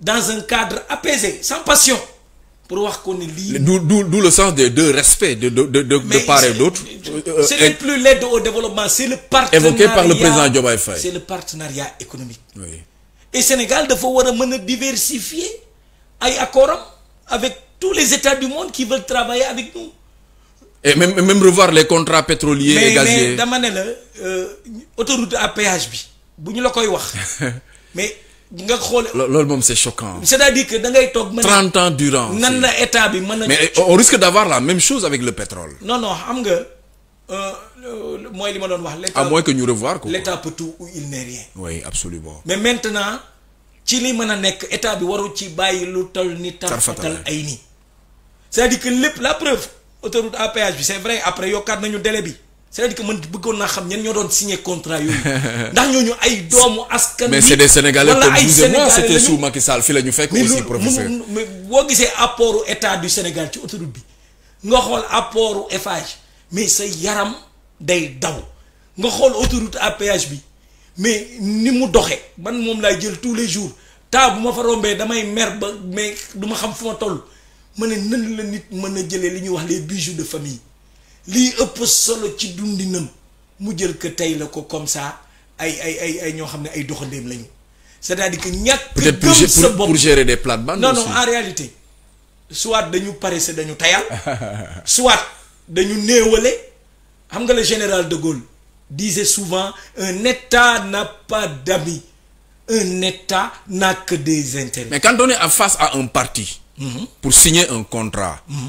[SPEAKER 1] dans un cadre apaisé sans passion. pour voir qu'on
[SPEAKER 2] d'où le sens de respect de de, part et d'autre. ce
[SPEAKER 1] n'est euh, euh, plus l'aide au développement c'est le partenariat évoqué par le président c'est le partenariat économique. et Sénégal doit faut diversifier avec tous les États du monde qui veulent travailler avec nous.
[SPEAKER 2] et même même revoir les contrats pétroliers et gaziers mais
[SPEAKER 1] dama euh, autoroute à buñ la koy wax mais nga xool.
[SPEAKER 2] loolu moom c'est choquant.
[SPEAKER 1] c'est-à-dire que da ngay toog 30
[SPEAKER 2] ans durant. nan
[SPEAKER 1] la état bi mën mais
[SPEAKER 2] on risque d'avoir la même chose avec le pétrole.
[SPEAKER 1] non non xam nga. Euh, mooy li ma doon wax. l'état à moins que ñu revoir quoi. l'état peut tout ou il n'est rien.
[SPEAKER 2] oui absolument.
[SPEAKER 1] mais maintenant ci li mën a nekk état bi waru ci bàyyi lu toll ni. tarfatal ay nii. c'est-à-dire que lépp la preuve autoroute à péage c'est vrai après yokkaat nañu délai bi c'est-à-dire que man bëggoon naa xam ñan ñoo doon signé contrat yooyu ndax ñooñu ay doomu askan mais c'est des sénégalais comme vous et moi c'était sous
[SPEAKER 2] Macky Sall fii la ñu fekk aussi professeur
[SPEAKER 1] mais boo gisee au état du Sénégal ci autoroute bi nga xool mais sa yaram day daw nga autoroute à péage bi mais ni mu doxee man moom laay jël tous les jours taa bu ma fa rombee damay mer mais du ma xam fu ma toll ma ne la nit mën a li wax les bijoux de famille li ëpp solo ci dundinam mu jël que tay la ko comme ça ay ay ay ay ñoo ay doxandem lañu c'est-à-dire que ñak plus de pour gérer
[SPEAKER 2] des plates-bandes non non en
[SPEAKER 1] réalité soit dañu paresse dañu tayal soit dañu néwelé xam nga le général de Gaulle disait souvent un État n'a pas d'amis un État n'a que des intérêts mais quand
[SPEAKER 2] on est en face à un parti mm-hmm. pour signer un contrat
[SPEAKER 1] mm-hmm.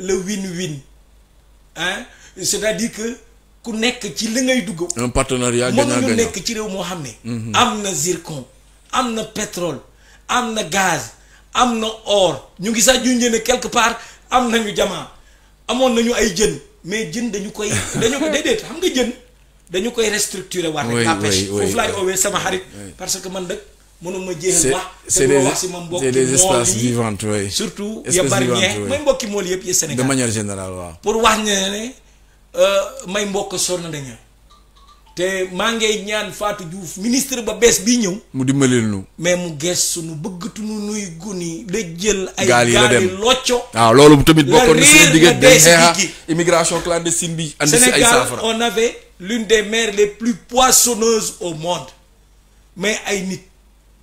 [SPEAKER 1] le win-win hein? c'est-à-dire que ku nek ci li ngay un partenariat gagnant gagnant nek ci rew mo xamné mhm. amna zircon amna pétrole amna gaz amna or ñu ngi sax de quelque part amna ñu jama nañu ay mais dañu koy. dañu restructurer parce que mënuma jeexal wax c'est des espaces
[SPEAKER 2] vivantes oui surtout ya bari yëpp yi Sénégal de manière générale
[SPEAKER 1] waaw wax ne ne euh, may mbokk sonn dañu maa ngay ñaan Fatou Diouf ministre ba bees bii ñëw mu dimbalil nu mais mu gestu nu bëggatu nu nuy guni yi locco waaw loolu tamit bokkoon na suñu diggante day xeex
[SPEAKER 2] immigration clandestine bi
[SPEAKER 1] andi si ay saafara Sénégal on avait l'une des mers les plus poissonneuses au monde mais ay nit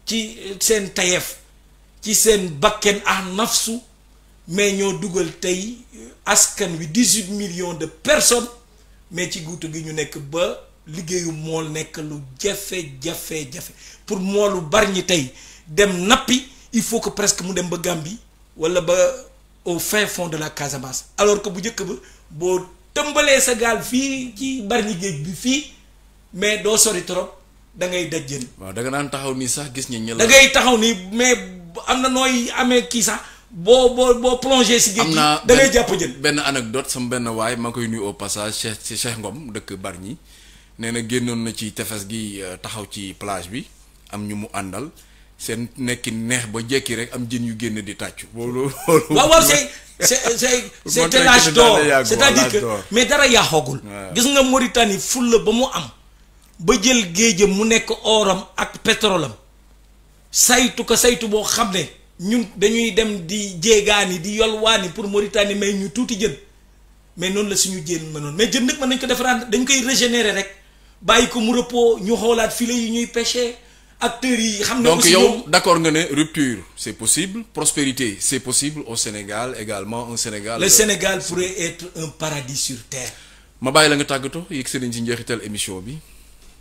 [SPEAKER 1] ci sen tayef ci sen bakken ak nafsu mais ñoo duggal tay askan wi dix-huit millions de personnes mais ci guutu gi ñu nek ba liggéeyu mool nek lu jafé jafé jafé pour moolu bari ñi tey dem nappi il faut que presque mu dem ba Gambie wala ba au fin fond de la Casamance alors que bu jëk ba bo tëmbalee sa gal fi ci bari geej bi fi mais do sori trop da ngay dajjën
[SPEAKER 2] waaw da nga naan taxaw nii sax
[SPEAKER 1] gis ñi da ngay taxaw nii mais am na nooy amee kii sax boo boo boo plongé si géej gi da jàpp jën benn anecdote
[SPEAKER 2] sama benn waay maa koy nuyu au passage Cheikh Cheikh Ngom dëkk Bargny nee na génnoon na ci tefes gi euh, taxaw ci plage bi am ñu mu àndal seen nekki neex ba jekki rek
[SPEAKER 1] am jën yu génn di tàccu loolu waaw waaw c'est c'est c'est l'âge d'or c'est-à-dire que mais dara yaaxoogul gis nga Mauritanie fulla ba mu am ba jël géejam mu nekk oram ak pétrolam saytu ko saytu boo xam ne ñun dañuy dem di jéegaani di yolwaani pour Mauritanie may ñu tuuti jën mais noonu la suñu jën mënoon mais jën nag mën nañ ko defaraat dañ koy régénérer rek bàyyi ko mu repos ñu xoolaat filets yi ñuy pêché acteurs yi xam ne donc yow
[SPEAKER 2] d'accord nga ne rupture c'est possible prospérité c'est possible au Sénégal également un Sénégal le Sénégal
[SPEAKER 1] pourrait être un paradis sur terre
[SPEAKER 2] ma bàyyi la nga tàggatoo yegg si nañ ci njeexital émission bi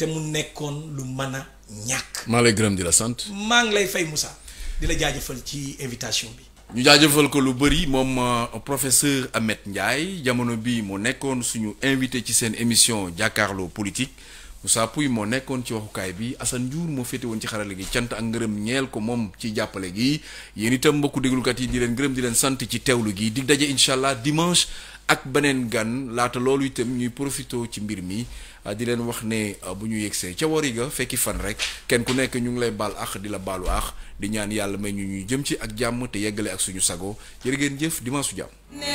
[SPEAKER 1] te mu nekkoon lu mën a ñàkk.
[SPEAKER 2] maa lay gërëm di la sant.
[SPEAKER 1] maa ngi lay fay Moussa di la jaajëfal ci invitation bi.
[SPEAKER 2] ñu jaajëfal ko lu bëri moom euh, professeur Ahmet Ndiaye jamono bii moo nekkoon suñu invité ci seen émission jàkkaarloo politique Moussa Pouy moo nekkoon ci waxukaay bi Assane Ndiour moo féete woon ci xarale gi cant ak ngërëm ñeel ko moom ci jàppale gi yéen itam mbokku déglukat yi di leen gërëm di leen sant ci teewlu gi di daje incha allah dimanche ak beneen gan laata loolu itam ñuy profité ci mbir mi. Euh, di leen wax ne euh, bu ñu yegsee ca wari ga fekki fan rek kenn ku nekk ñu ngi lay baal ax di la baalu ax di ñaan yàlla may ñu ñuy jëm ci ak jàmm te yeggale ak suñu sago jërë ngeen jëf dimanche su jàmm.